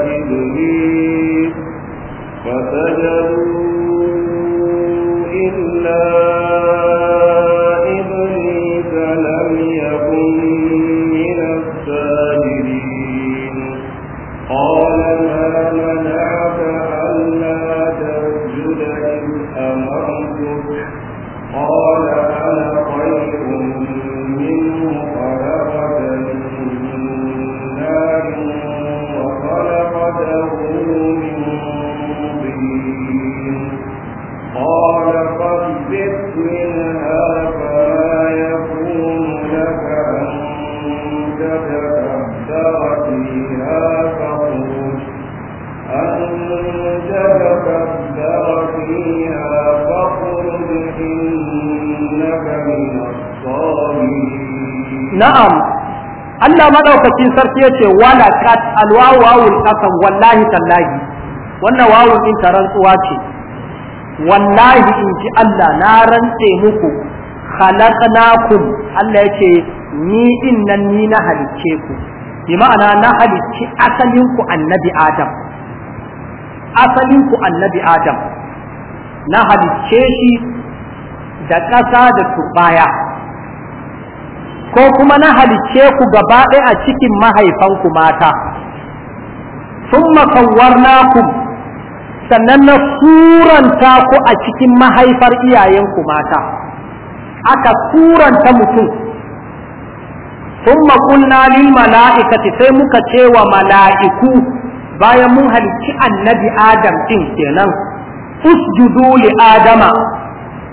[SPEAKER 2] na'am Allah madaukakin sarki yace wala kat alwawawul qasam
[SPEAKER 1] wallahi tallahi wannan wawu din tarantsuwa ce wallahi in ji Allah na rantse muku khalaqnakum Allah yace ni innan ni na halicce ku bi ma'ana na halicci asalin ku annabi Adam asalin ku annabi Adam na halicce shi da ƙasa da turbaya ko kuma na halice ku gaba ɗaya a cikin mahaifanku mata sun ku sannan na suranta ku a cikin mahaifar iyayenku mata aka suranta mutum sun makulna lil mala'ikati sai muka ce wa mala'iku bayan mun halicci annabi adam ɗin kenan usjudu li adama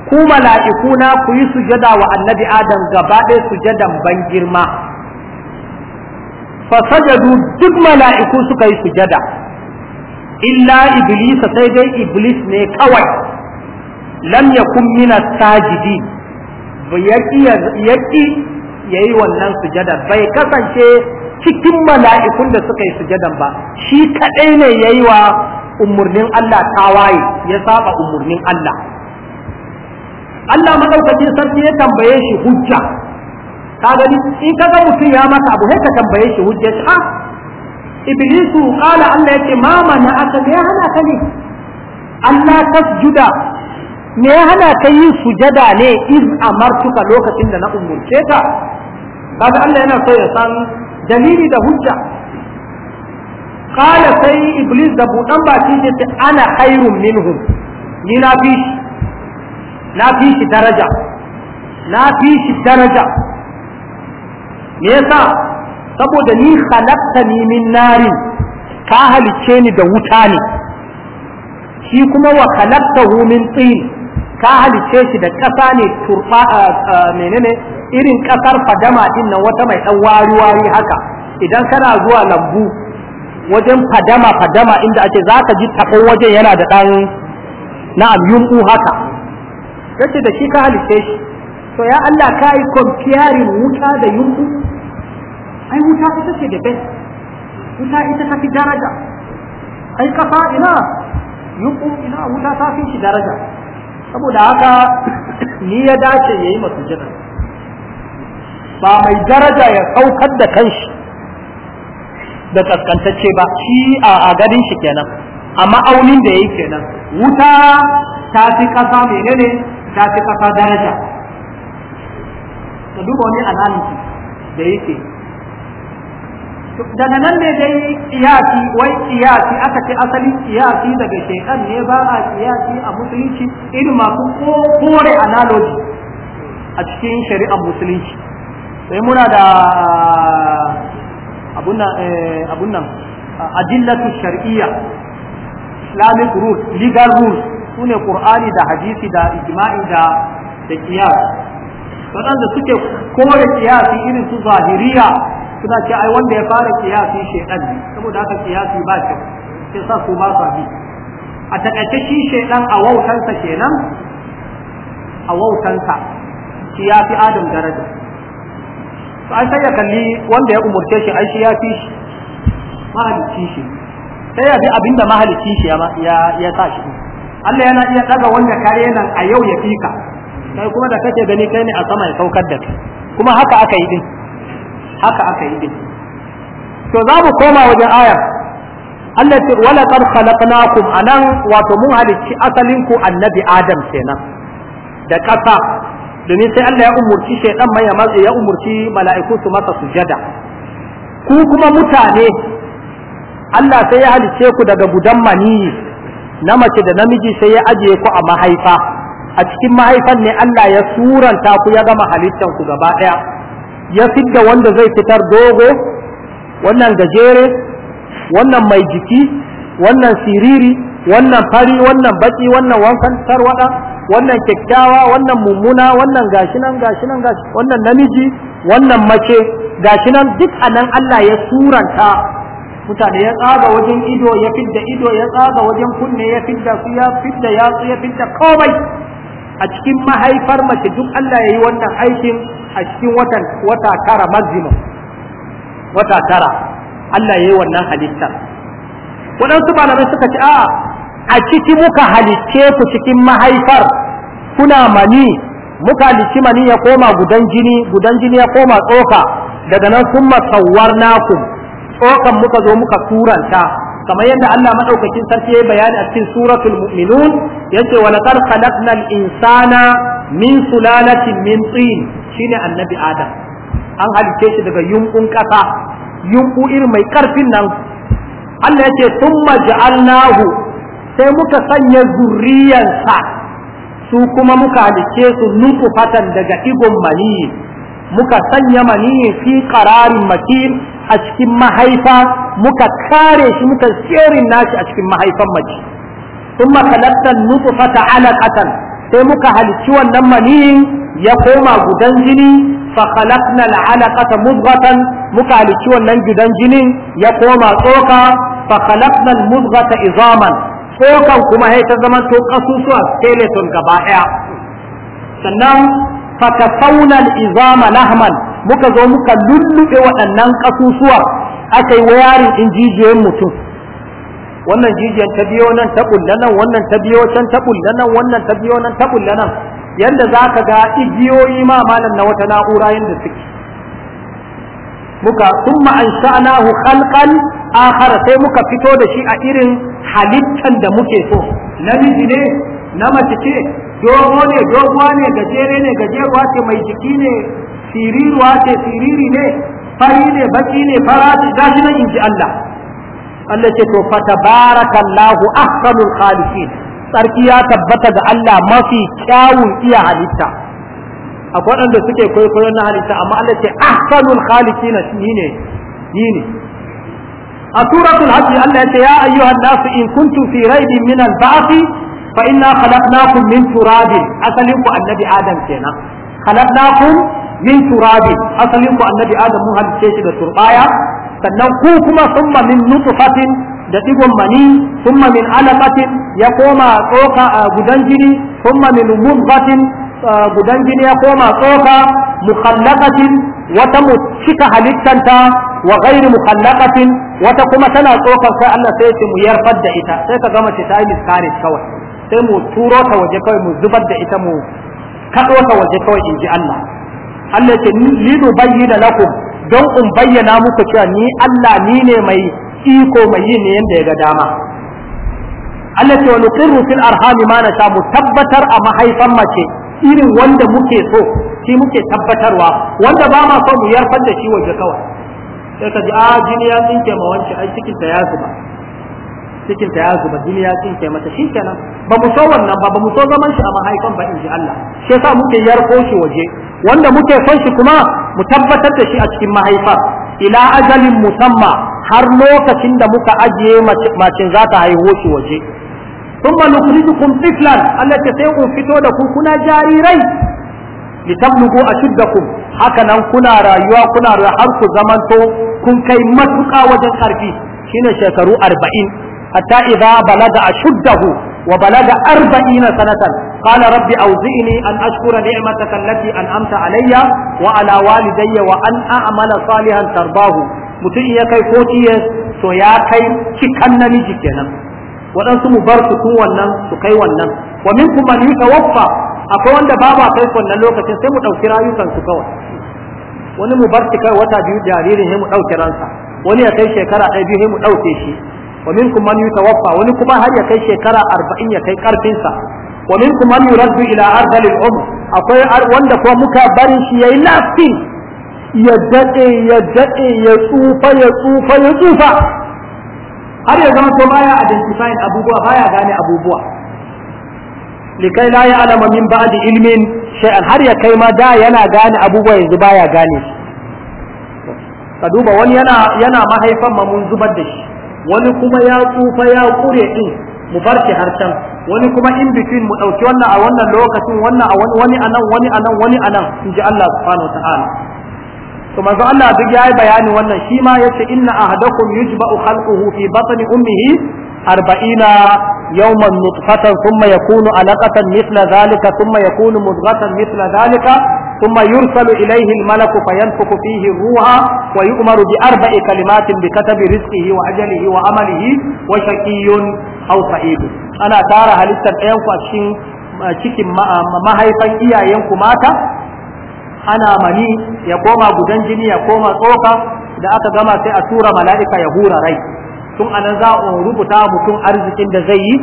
[SPEAKER 1] ku mala'ikuna ku yi sujada wa annabi adam gaba ɗaya sujadan ban girma fasajadu duk mala'iku suka yi sujada illa iblis sai dai iblis ne kawai lam yakun min sajidi yaki yayi wannan sujada bai kasance cikin mala'ikun da suka yi sujadan ba shi kadai ne yayi wa umarnin Allah tawaye ya saba umarnin Allah Allah madaukakin sarki ya tambaye shi hujja ka gani in ka ga mutum ya maka abu sai ka tambaye shi hujja ta iblisu qala Allah yace ma mana aka ya hana ka ne Allah tasjuda me ya hana ka yin sujada ne iz amartuka lokacin da na umurce ka kaga Allah yana so ya san dalili da hujja kala sai iblis da budan baki ce ana khairum minhum ni na fi shi na fi shi daraja na fi shi daraja me yasa saboda ni halatta ni min nari ka halice ni da wuta ne shi kuma wa halatta min tin ka halice shi da ƙasa ne turba menene irin ƙasar fadama din nan wata mai ɗan wari-wari haka idan kana zuwa lambu wajen fadama fadama inda ake zaka ji taɓon wajen yana da ɗan na'am yumɓu haka yace da shi ka halitta shi to ya Allah ka yi comparing wuta da yunku ai wuta ita ce da best wuta ita ta fi daraja ai kafa ina yunku ina wuta ta fi shi daraja saboda haka ni ya dace ya yayi masujada ba mai daraja ya saukar da kanshi da kaskantacce ba shi a garin shi kenan a ma'aunin da yake nan wuta ta fi ƙasa menene ta fi ƙasa daraja ka duba wani analysis da yake daga nan ne dai kiyasi wai kiyasi aka ce asalin kiyasi daga shekar ne ba a kiyasi a musulunci irin masu kore analogy a cikin shari'ar musulunci sai muna da abun nan eh, adillatu shari'iyya islamic rules legal rules sune qur'ani da hadisi da ijma'i da da qiyas waɗanda suke kore qiyasi irin su zahiriya suna ce ai wanda ya fara qiyasi shaytan ne saboda haka qiyasi ba ce, sai sa su ba sa bi a takaice shi shaytan a wautan wautansa kenan a wautan wautansa shi ya fi adam daraja to an sai ya kalli wanda ya umurce shi ai shi ya fi shi ma shi sai ya ji abinda mahalicci shi ya sa shi Allah yana iya daga wanda kare nan a yau ya fika kai kuma da kake gani kai ne a sama ya saukar da kai kuma haka aka yi din haka aka yi din to za mu koma wajen ayar Allah ce wala qad khalaqnakum anan wato mun halicci asalin ku annabi Adam kenan da ƙasa domin sai Allah ya umurci shaydan mai ya umurci mala'iku su masa sujada ku kuma mutane Allah sai ya halice ku daga gudan maniyi na mace da namiji sai ya ajiye ku a mahaifa a cikin mahaifan ne Allah ya suranta ku ya gama halittan ku gaba daya ya fidda wanda zai fitar dogo wannan gajere wannan mai jiki wannan siriri wannan fari wannan baki wannan wankan tarwada wannan kyakkyawa wannan mummuna wannan gashi nan gashi wannan namiji wannan mace gashinan nan duk anan Allah ya suranta mutane ya tsaga wajen ido ya fidda ido ya tsaga wajen kunne ya fidda su ya fidda yatsu ya fidda komai a cikin mahaifar mace duk Allah ya yi wannan aikin a cikin watan wata tara maximum wata tara Allah ya yi wannan halittar waɗansu malamai suka ce a a ciki muka halicce ku cikin mahaifar kuna mani muka halicci mani ya koma gudan jini gudan jini ya koma tsoka daga nan sun masauwar naku tsokan muka zo muka turanta kamar yadda Allah maɗaukacin sarki ya bayani a cikin suratul mu'minun yace wa laqad khalaqnal insana min sulalatin min tin shine annabi adam an halice shi daga yunkun ƙasa, yunku irin mai karfin nan Allah yace thumma ja'alnahu sai muka sanya zurriyansa su kuma muka halice su nutfatan daga igon mani muka sanya mani fi qararin matin a cikin mahaifa muka kare shi muka sherin nashi a cikin mahaifan mace thumma khalaqtan nutfata alaqatan sai muka halici wannan maniyin ya koma gudan jini fa khalaqna alaqata muka halici wannan gudan jinin ya koma tsoka fa khalaqna almudghata izaman tsokan kuma sai ta zama to kasusuwa skeleton gaba ɗaya sannan fa izama lahman muka zo muka lullube waɗannan ƙasusuwa aka yi wayarin in jijiyoyin mutum wannan jijiyan ta biyo nan ta bulla nan wannan ta biyo can ta bulla nan wannan ta biyo nan ta bulla nan Yadda za ka ga igiyoyi ma malam na wata na'ura yadda suke muka summa ansha'nahu khalqan akhar sai muka fito da shi a irin halittar da muke so namiji ne na mace ce dogo ne doguwa ne gajere ne gajeruwa ce mai jiki ne siriruwa ce siriri ne fari ne baki ne fara gashi nan in ji Allah Allah ce to fa tabarakallahu ahsanul khaliqin sarki ya tabbata ga Allah mafi kyawun iya halitta akwai waɗanda suke kwaikwayon na halitta amma Allah ce ahsanul khaliqin shine ne a suratul hajji Allah ya ce ya ayyuhan nasu in kuntum fi raibin min al fa inna khalaqnakum min turabin asalin ku annabi adam kenan khalaqnakum min turabi asalin ku annabi adam mun halice shi da turbaya sannan ku kuma summa min nutfatin da digon mani summa min alaqatin ya koma tsoka a gudan jini summa min mudghatin gudan jini ya koma tsoka mukhallaqatin wata mu cika halittanta wa ghairi mukhallaqatin wata kuma tana tsokar sai Allah sai ce mu yarfar da ita sai ka gama ce ta yi kawai sai mu turo ta waje kawai mu zubar da ita mu kaɗo ta waje kawai in ji Allah Allah ce li da lakum don in bayyana muku cewa ni Allah ni ne mai iko mai yin ne yadda ya ga dama Allah ce wa nuqirru fil arhami ma nasha mu tabbatar a mahaifan mace irin wanda muke so shi muke tabbatarwa wanda ba ma so mu yarfar da shi waje kawai sai ka ji a ah, jini ya tsinke ma wance ai cikin ta ya zuba cikin ta ya zuba jini ya tsinke mata shi kenan ba mu so wannan ba ba mu so zaman shi a mahaifan ba in ji Allah sai sa muke yarko shi waje wanda muke son shi kuma mu tabbatar da shi a cikin mahaifa ila ajalin musamma har lokacin da muka ajiye macin za ta haihu shi waje ثم نخرجكم sai التي fito فتوة كنا jarirai litablugu ashuddakum haka nan kuna rayuwa kuna har ku zamanto kun kai matuƙa wajen ƙarfi shine shekaru arba'in hatta idza balaga ashuddahu wa balaga 40 sanatan قال رب أوزئني أن أشكر نعمتك التي أنعمت علي وعلى والدي وأن أعمل صالحا ترضاه mutum ya kai 40 years to ya kai cikan namiji kenan waɗansu mu bar su wannan su kai wannan wa minkum man yutawaffa akwai wanda ba ba kai wannan sai mu ɗauki rayukan kawai wani mu bar shi kai wata biyu jaririn sai mu ɗauki ransa wani ya kai shekara ɗaya biyu sai mu ɗauke shi wa minkum man yutawaffa wani kuma har ya kai shekara arba'in ya kai karfinsa wa minkum man yuraddu ila arzalil umr akwai wanda kuma muka bari shi yayi lafi ya dade ya dade ya tsufa ya tsufa ya tsufa har ya zama to baya identifying abubuwa baya gane abubuwa likai la ya'lamu min ba'di ilmin shay'an har ya kai ma da yana gane abubuwa yanzu baya gane shi ka duba wani yana yana mahaifan ma mun zubar da shi wani kuma ya tsufa ya kure din mu bar shi har can wani kuma in between mu ɗauki wannan a wannan lokacin wannan a wani anan wani anan wani anan in ji Allah subhanahu ta'ala to manzo Allah duk yayi bayani wannan shi ma yace inna ahadakum yujba'u khalquhu fi batni ummihi arba'ina yawman nutfatan thumma yakunu alaqatan mithla dhalika thumma yakunu mudghatan mithla dhalika ثم يرسل إليه الملك فينفخ فيه الروح ويؤمر بأربع كلمات بكتب رزقه وأجله وعمله وشقي أو سعيد أنا تارى هل استنقينكم أشين cikin mahaifan iyayenku mata ana mani ya koma gudan jini ya koma tsoka da aka gama sai a tura mala'ika ya hura rai tun anan za a rubuta mutum arzikin da zai yi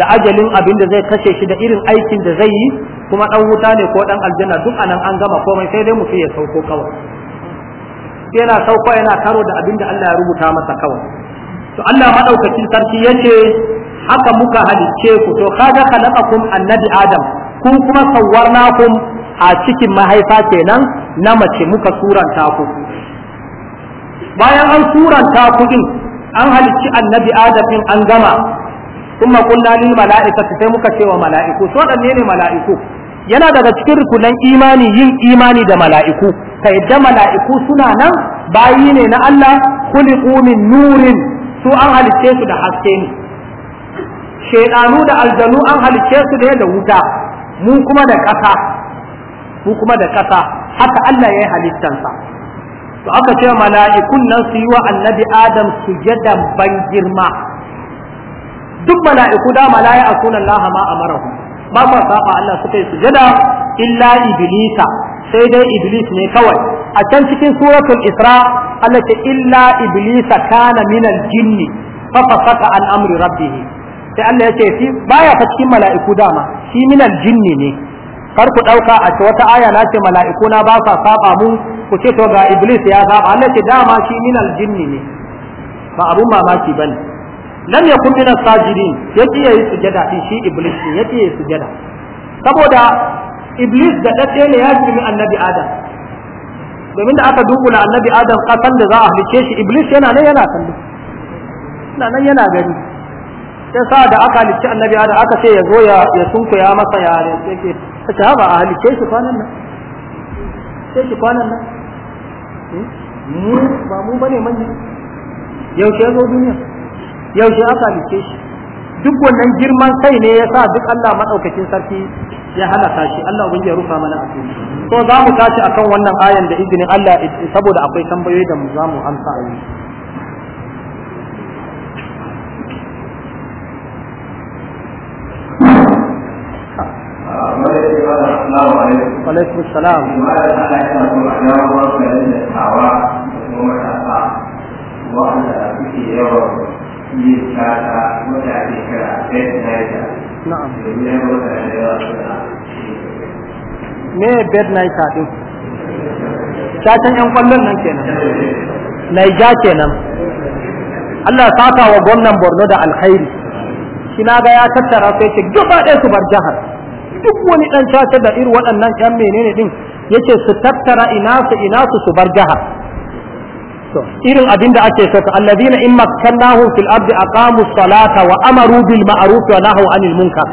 [SPEAKER 1] da ajalin abin da zai kashe shi da irin aikin da zai yi kuma dan wuta ne ko dan aljanna duk anan an gama komai sai dai mutum ya sauko kawai yana sauko yana karo da abin da Allah ya rubuta masa kawai to Allah madaukakin sarki yace haka muka halicce ku to kaga khalaqakum annabi adam kun kuma sawwarnakum a cikin mahaifa kenan na mace muka suranta ku bayan an suranta ku din an halicci annabi adafin an gama kuma kullu lil mala'ikati sai muka ce wa mala'iku so dan ne mala'iku yana daga cikin rukunan imani yin imani da mala'iku ka yadda mala'iku suna nan bayi ne na Allah khuliqu min nurin su an halicce su da haske ne shaidanu da aljanu an halicce su da da wuta mu kuma da ƙasa mu kuma da ƙasa haka Allah ya yi halittansa to aka ce mala'ikun nan su yi wa annabi adam sujadan ban girma duk mala'iku da malaya a sunan laha ma amarahu ba sa saba Allah suka yi sujada illa iblisa sai dai iblis ne kawai a can cikin suratul isra Allah ce illa iblisa kana minal jinni fa fasaka an amri rabbih sai Allah ya ce shi baya fa cikin mala'iku dama shi minal jinni ne kar ku ɗauka a wata aya na ce mala'iku na ba sa saba mu ku ce to ga iblis ya saba Allah ce dama shi min aljinni ne ba abun mamaki ba bane lam yakun min as ya yake yayi sujada din shi iblis ne ya yake yayi sujada saboda iblis da dadde ne ya jimi annabi adam domin da aka dubula annabi adam kasan da za a halice shi iblis yana nan yana kallo yana nan yana gani sai sa da aka halice annabi adam aka ce ya zo ya ya sunku ya masa yare sai ke ta ba a halice shi kwanan nan sai shi kwanan nan mu ba mu bane manya yaushe ya zo duniya yaushe aka halice duk wannan girman kai ne ya sa duk Allah maɗaukacin sarki ya halaka shi Allah ubangi ya rufa mana asiri to za mu tashi akan wannan ayan da izinin Allah saboda akwai tambayoyi da mu za mu amsa a
[SPEAKER 2] alaikum salam me din cacan yan kwallon nan kenan naija kenan Allah ya saka wa gwamnan
[SPEAKER 1] Borno da alkhairi shi na ga ya tattara sai ce gaba ɗaya su bar jihar duk wani dan caca da irin waɗannan ƴan menene din yace su tattara ina su ina su su bar jaha. irin abinda ake so alladhina in makkannahum fil ardi aqamu salata wa amaru bil ma'ruf wa anil munkar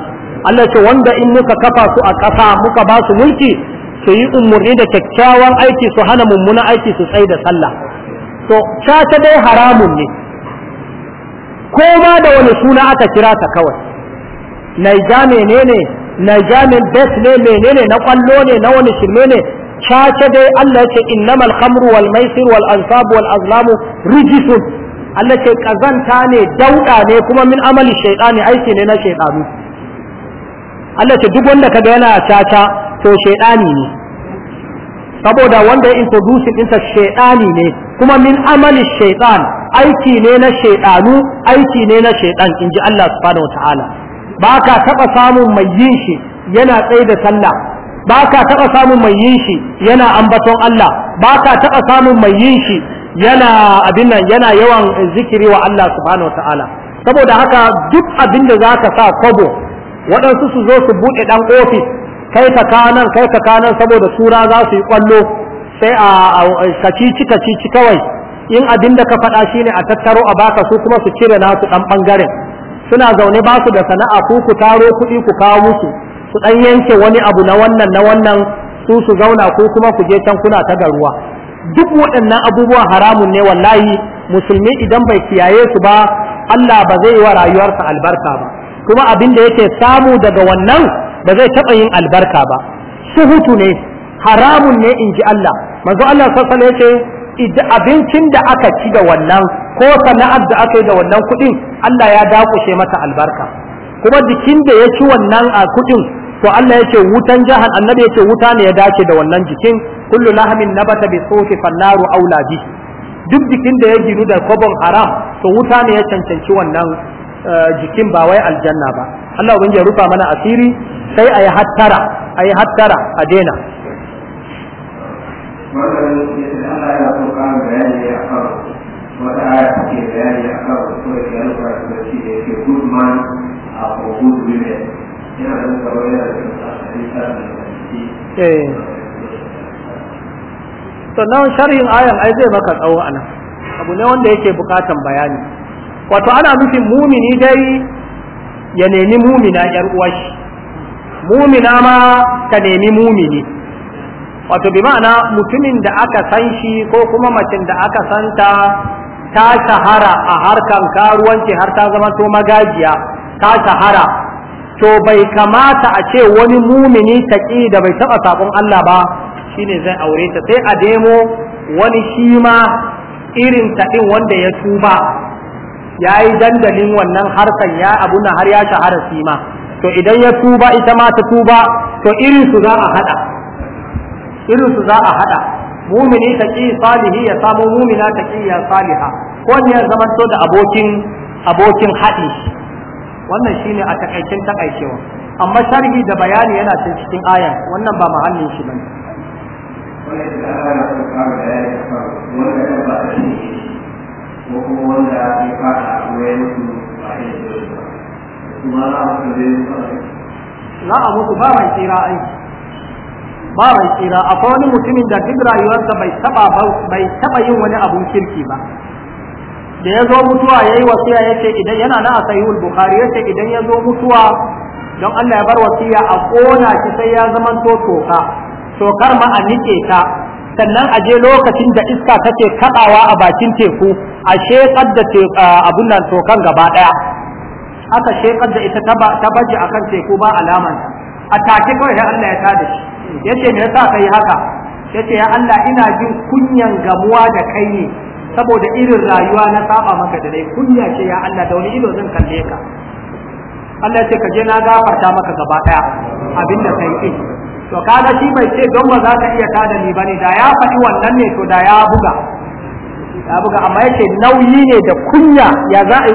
[SPEAKER 1] Allah ce wanda in muka kafa su a ƙasa muka ba su mulki su yi umarni da kyakkyawan aiki su hana mummunan aiki su tsaye da sallah to caca dai haramun ne ko ma da wani suna aka kira ta kawai naija menene najamin bes ne menene na kwallo ne na wani shirme ne cace dai Allah ce innamal khamru wal maisir wal ansab wal azlamu rijisun Allah ce kazanta ne dauda ne kuma min amali shaytani aiki ne na shaytanu Allah ce duk wanda kaga yana caca to shaytani ne saboda wanda ya introduce ɗinsa shaytani ne kuma min amali shaytan aiki ne na shaytanu aiki ne na shaytan inji Allah subhanahu wa ta'ala ba ka taɓa samun mai yin shi yana tsaye da sallah ba ka taɓa samun mai yin shi yana ambaton Allah ba ka taɓa samun mai yin shi yana abin nan yana yawan zikiri wa Allah subhanahu wa ta'ala saboda haka duk abin da za ka sa kwabo waɗansu su zo su buɗe ɗan ofis kai ka kanan kai ka kanan saboda sura za su yi ƙwallo sai a kacici kacici kawai in abin da ka faɗa shine a tattaro a baka su kuma su cire nasu ɗan ɓangaren suna zaune ba su da sana'a ku ku taro kuɗi ku kawo musu su ɗan yanke wani abu na wannan na wannan su su zauna ko kuma ku je can kuna ta garuwa duk waɗannan abubuwan haramun ne wallahi musulmi idan bai kiyaye su ba Allah ba zai yi wa rayuwarsa albarka ba kuma abin da yake samu daga wannan ba zai taɓa yin albarka ba suhutu ne haramun ne in ji Allah manzo Allah sallallahu alaihi abincin da aka ci da wannan ko sana'ar da aka yi da wannan kuɗin Allah ya dakushe mata albarka kuma jikin da ya ci wannan a kuɗin to Allah ya ce wutan jahan annabi ya ce wuta ne ya dace da wannan jikin kullu lahamin nabata bi sufi fannaru aula bi duk jikin da ya ginu da kobon haram to wuta ne ya cancanci wannan eh, jikin ba wai aljanna ba Allah ya rufa mana asiri sai ayi hattara ayi hattara a daina
[SPEAKER 2] aya take bayani a kan kusurar da yana fara da shi good man a for good women yana da tsaro yana da tsarita da
[SPEAKER 1] sannan sharhin ayan ai zai maka tsawo anan abu ne wanda yake bukatan bayani wato ana nufin mumini dai ya nemi mumina yar uwashi mumina ma ta nemi mumini wato bi ma'ana mutumin da aka san shi ko kuma macin da aka santa ta shahara a harkan karuwanci har ta zama to magajiya ta shahara to bai kamata a ce wani mumini taƙi da bai taɓa sabon Allah ba shine zai aure ta sai a demo wani shi ma irin taɗin wanda ya tuba ya dandalin wannan harkan ya abu har ya shahara shi ma to idan ya tuba ita ma ta tuba to irin su za a haɗa irin su za a haɗa mumini ta ki salihi ya samu mumina ta ki ya saliha ko ne ya zama da abokin abokin haɗi wannan shine a takaicin takaicewa amma sharhi da bayani yana cin cikin ayan wannan ba mahallin shi bane
[SPEAKER 2] wanda ya fara na abu ba mai
[SPEAKER 1] tsira aiki ba mai tsira akwai wani mutumin da duk rayuwarsa bai taba bai taba yin wani abun kirki ba da yazo mutuwa yayi wasiya yace idan yana na asayul bukhari yace idan ya zo mutuwa don Allah ya bar wasiya a kona shi sai ya zama to toka tokar ma a nike ta sannan a je lokacin da iska take kadawa a bakin teku a shekar da abun nan tokan gaba daya aka shekar da ita ta baje akan teku ba alaman a take kawai Allah ya tada shi yace me yasa kai haka yace ya Allah ina jin kunyan gamuwa da kai ne saboda irin rayuwa na saba maka da dai kunya ce ya Allah da wani ido zan kalle ka Allah ce ka je na gafarta maka gaba daya abinda kai ke to kaga shi bai ce don ba za ka iya tada ni bane da ya faɗi wannan ne to da ya buga ya buga amma yace nauyi ne da kunya ya za a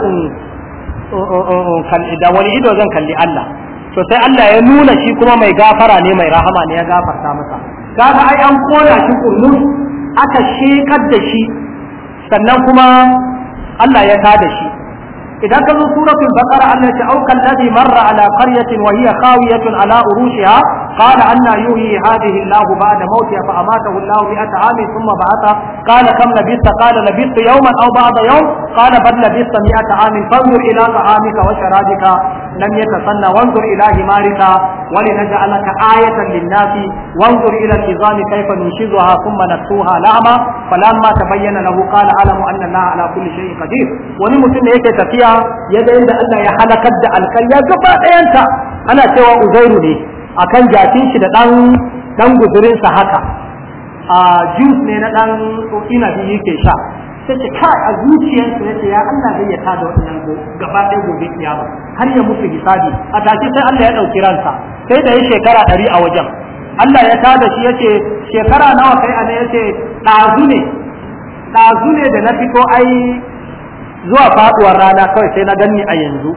[SPEAKER 1] yi da wani ido zan kalli Allah to sai Allah ya nuna shi kuma mai gafara ne mai rahama ne ya gafarta masa kaga ai an koya shi kurnus aka shekar da shi sannan kuma Allah ya tada shi idan ka zo suratul baqara Allah ya ce aukan ladhi marra ala qaryatin wa hiya khawiyatun ala urushiha قال أن يحيي هذه الله بعد موتها فأماته الله مئة عام ثم بعثه قال كم لبثت قال لبثت يوما أو بعض يوم قال بل لبثت مئة عام فانظر إلى طعامك وشرابك لم يتسنى وانظر إلى همارك ولنجعلك آية للناس وانظر إلى العظام كيف ننشزها ثم نكسوها لعما فلما تبين له قال أعلم أن الله على كل شيء قدير ولمتن يكي تفيها يدين أن يحلقت الكلية قبل أنت أنا سوى أزير لي akan jakin shi da dan dan guzurin sa haka a juice ne na dan inabi yake sha sai ce kai a zuciyarsa ya ce ya Allah zai ya tada waɗannan gaba ɗaya gobe kiyama har ya musu hisabi a take sai Allah ya ɗauki ransa sai da ya shekara ɗari a wajen Allah ya tada shi ya ce shekara nawa kai ana ya ce ɗazu ne ɗazu ne da na fito ai zuwa faɗuwar rana kawai sai na ganni a yanzu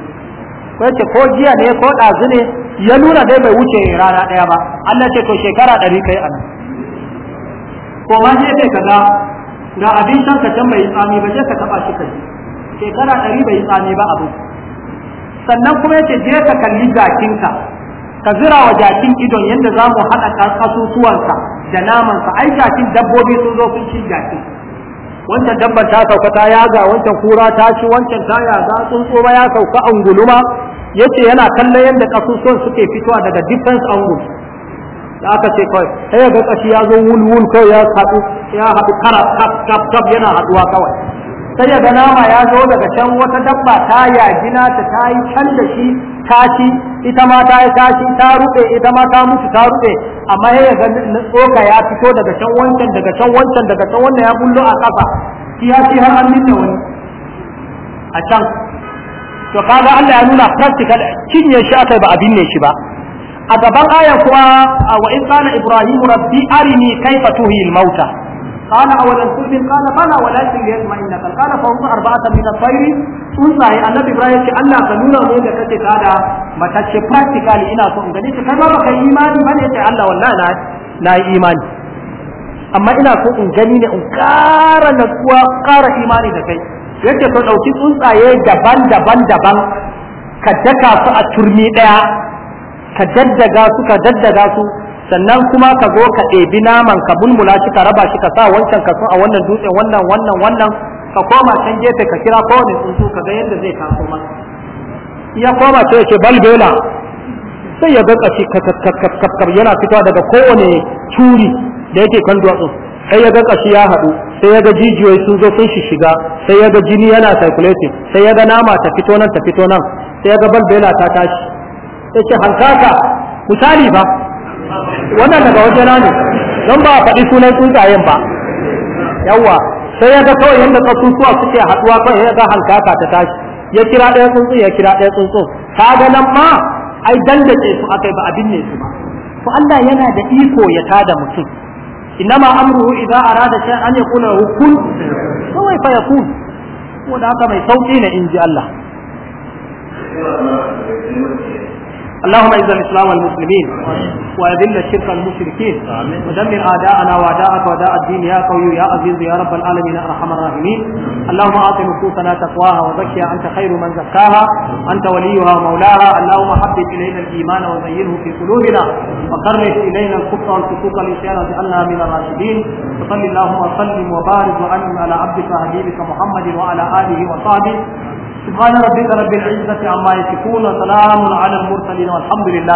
[SPEAKER 1] ko ce ko jiya ne ko ɗazu ne ya nuna dai bai wuce rana ɗaya ba Allah ce to shekara ɗari kai a nan ko ma sai kai kaza ga abin san ka can bai tsami ba je ka taɓa shi kai shekara ɗari bai tsami ba abu sannan kuma yace je ka kalli jakinka ka zira wa jakin idon yadda za mu haɗa ƙasusuwanka da namansa ai jakin dabbobi sun zo sun ci jakin wancan dabban ta sauka ta yaga wancan kura ta ci wancan ta yaga tsuntsu ya sauka anguluma yace yana kallon yadda kasusuwan suke fitowa daga different angles da aka ce kawai sai ga kashi ya zo wulwul kawai ya haɗu ya haɗu kara kap kap yana haɗuwa kawai sai ya ga nama ya zo daga can wata dabba ta yaji nata ta yi can da shi tashi ita ma ta yi tashi ta rufe ita ma ta mutu ta rufe amma sai ya ga tsoka ya fito daga can wancan daga can wancan daga can wannan ya bullo a ƙasa shi ya ci har an minne wani a can to kaga Allah ya nuna practical cinye shi aka ba abin ne shi ba a gaban ayan kuma wa in kana ibrahim rabbi arini kaifa tuhi al mauta qala awalan kulli qala bala walakin yatma'inna qala fa hum arba'atan min al-tayr tsuntsaye annabi ibrahim ce Allah ka nuna mu da kace kada matacce practically ina so in gani kai ma baka imani bane ce Allah wallahi na yi imani amma ina so in gani ne in ƙara natsuwa ƙara imani da kai yadda ka ɗauki tsuntsaye daban-daban daban ka daka su a turmi ɗaya ka daddaga su ka daddaga su sannan kuma ka zo ka ɗebi naman ka bulmula shi ka raba shi ka sa wancan ka a wannan dutsen wannan wannan wannan ka koma can gefe ka kira kowane tsuntsu ka ga yadda zai taso maka ya koma sai ce balbela sai ya ga kashi yana fitowa daga kowane turi da yake kan duwatsu sai ya ga kashi ya haɗu sai ya ga jijiyoyi sun zo sun shiga sai ya ga jini yana circulating sai ya ga nama ta fito nan ta fito nan sai ya ga balbela ta tashi sai ce hankaka misali ba wannan daga wajena ne don ba a faɗi sunan tsuntsayen ba yawa sai ya ga kawai yadda kasusuwa suke haɗuwa kawai ya ga hankaka ta tashi ya kira ɗaya tsuntsun ya kira ɗaya tsuntsun ka ga nan ma ai dandace su akai ba abin ne su ba to Allah yana da iko ya tada mutum إنما أمره إذا أراد شيئا أن يقول له كن هو فيكون وذاك ما يسوقين إن جاء الله
[SPEAKER 2] اللهم اعز الاسلام والمسلمين واذل
[SPEAKER 1] الشرك المشركين ودمر اعداءنا واعداءك واعداء الدين يا قوي يا عزيز يا رب العالمين ارحم الراحمين اللهم اعط نفوسنا تقواها وزكها انت خير من زكاها انت وليها ومولاها اللهم حبب الينا الايمان وزينه في قلوبنا وقرب الينا الكفر والفسوق والعصيان واجعلنا من الراشدين وصل اللهم وسلم وبارك وانعم على عبدك وحبيبك محمد وعلى اله وصحبه سبحان ربك رب العزة عما يصفون وسلام على المرسلين والحمد لله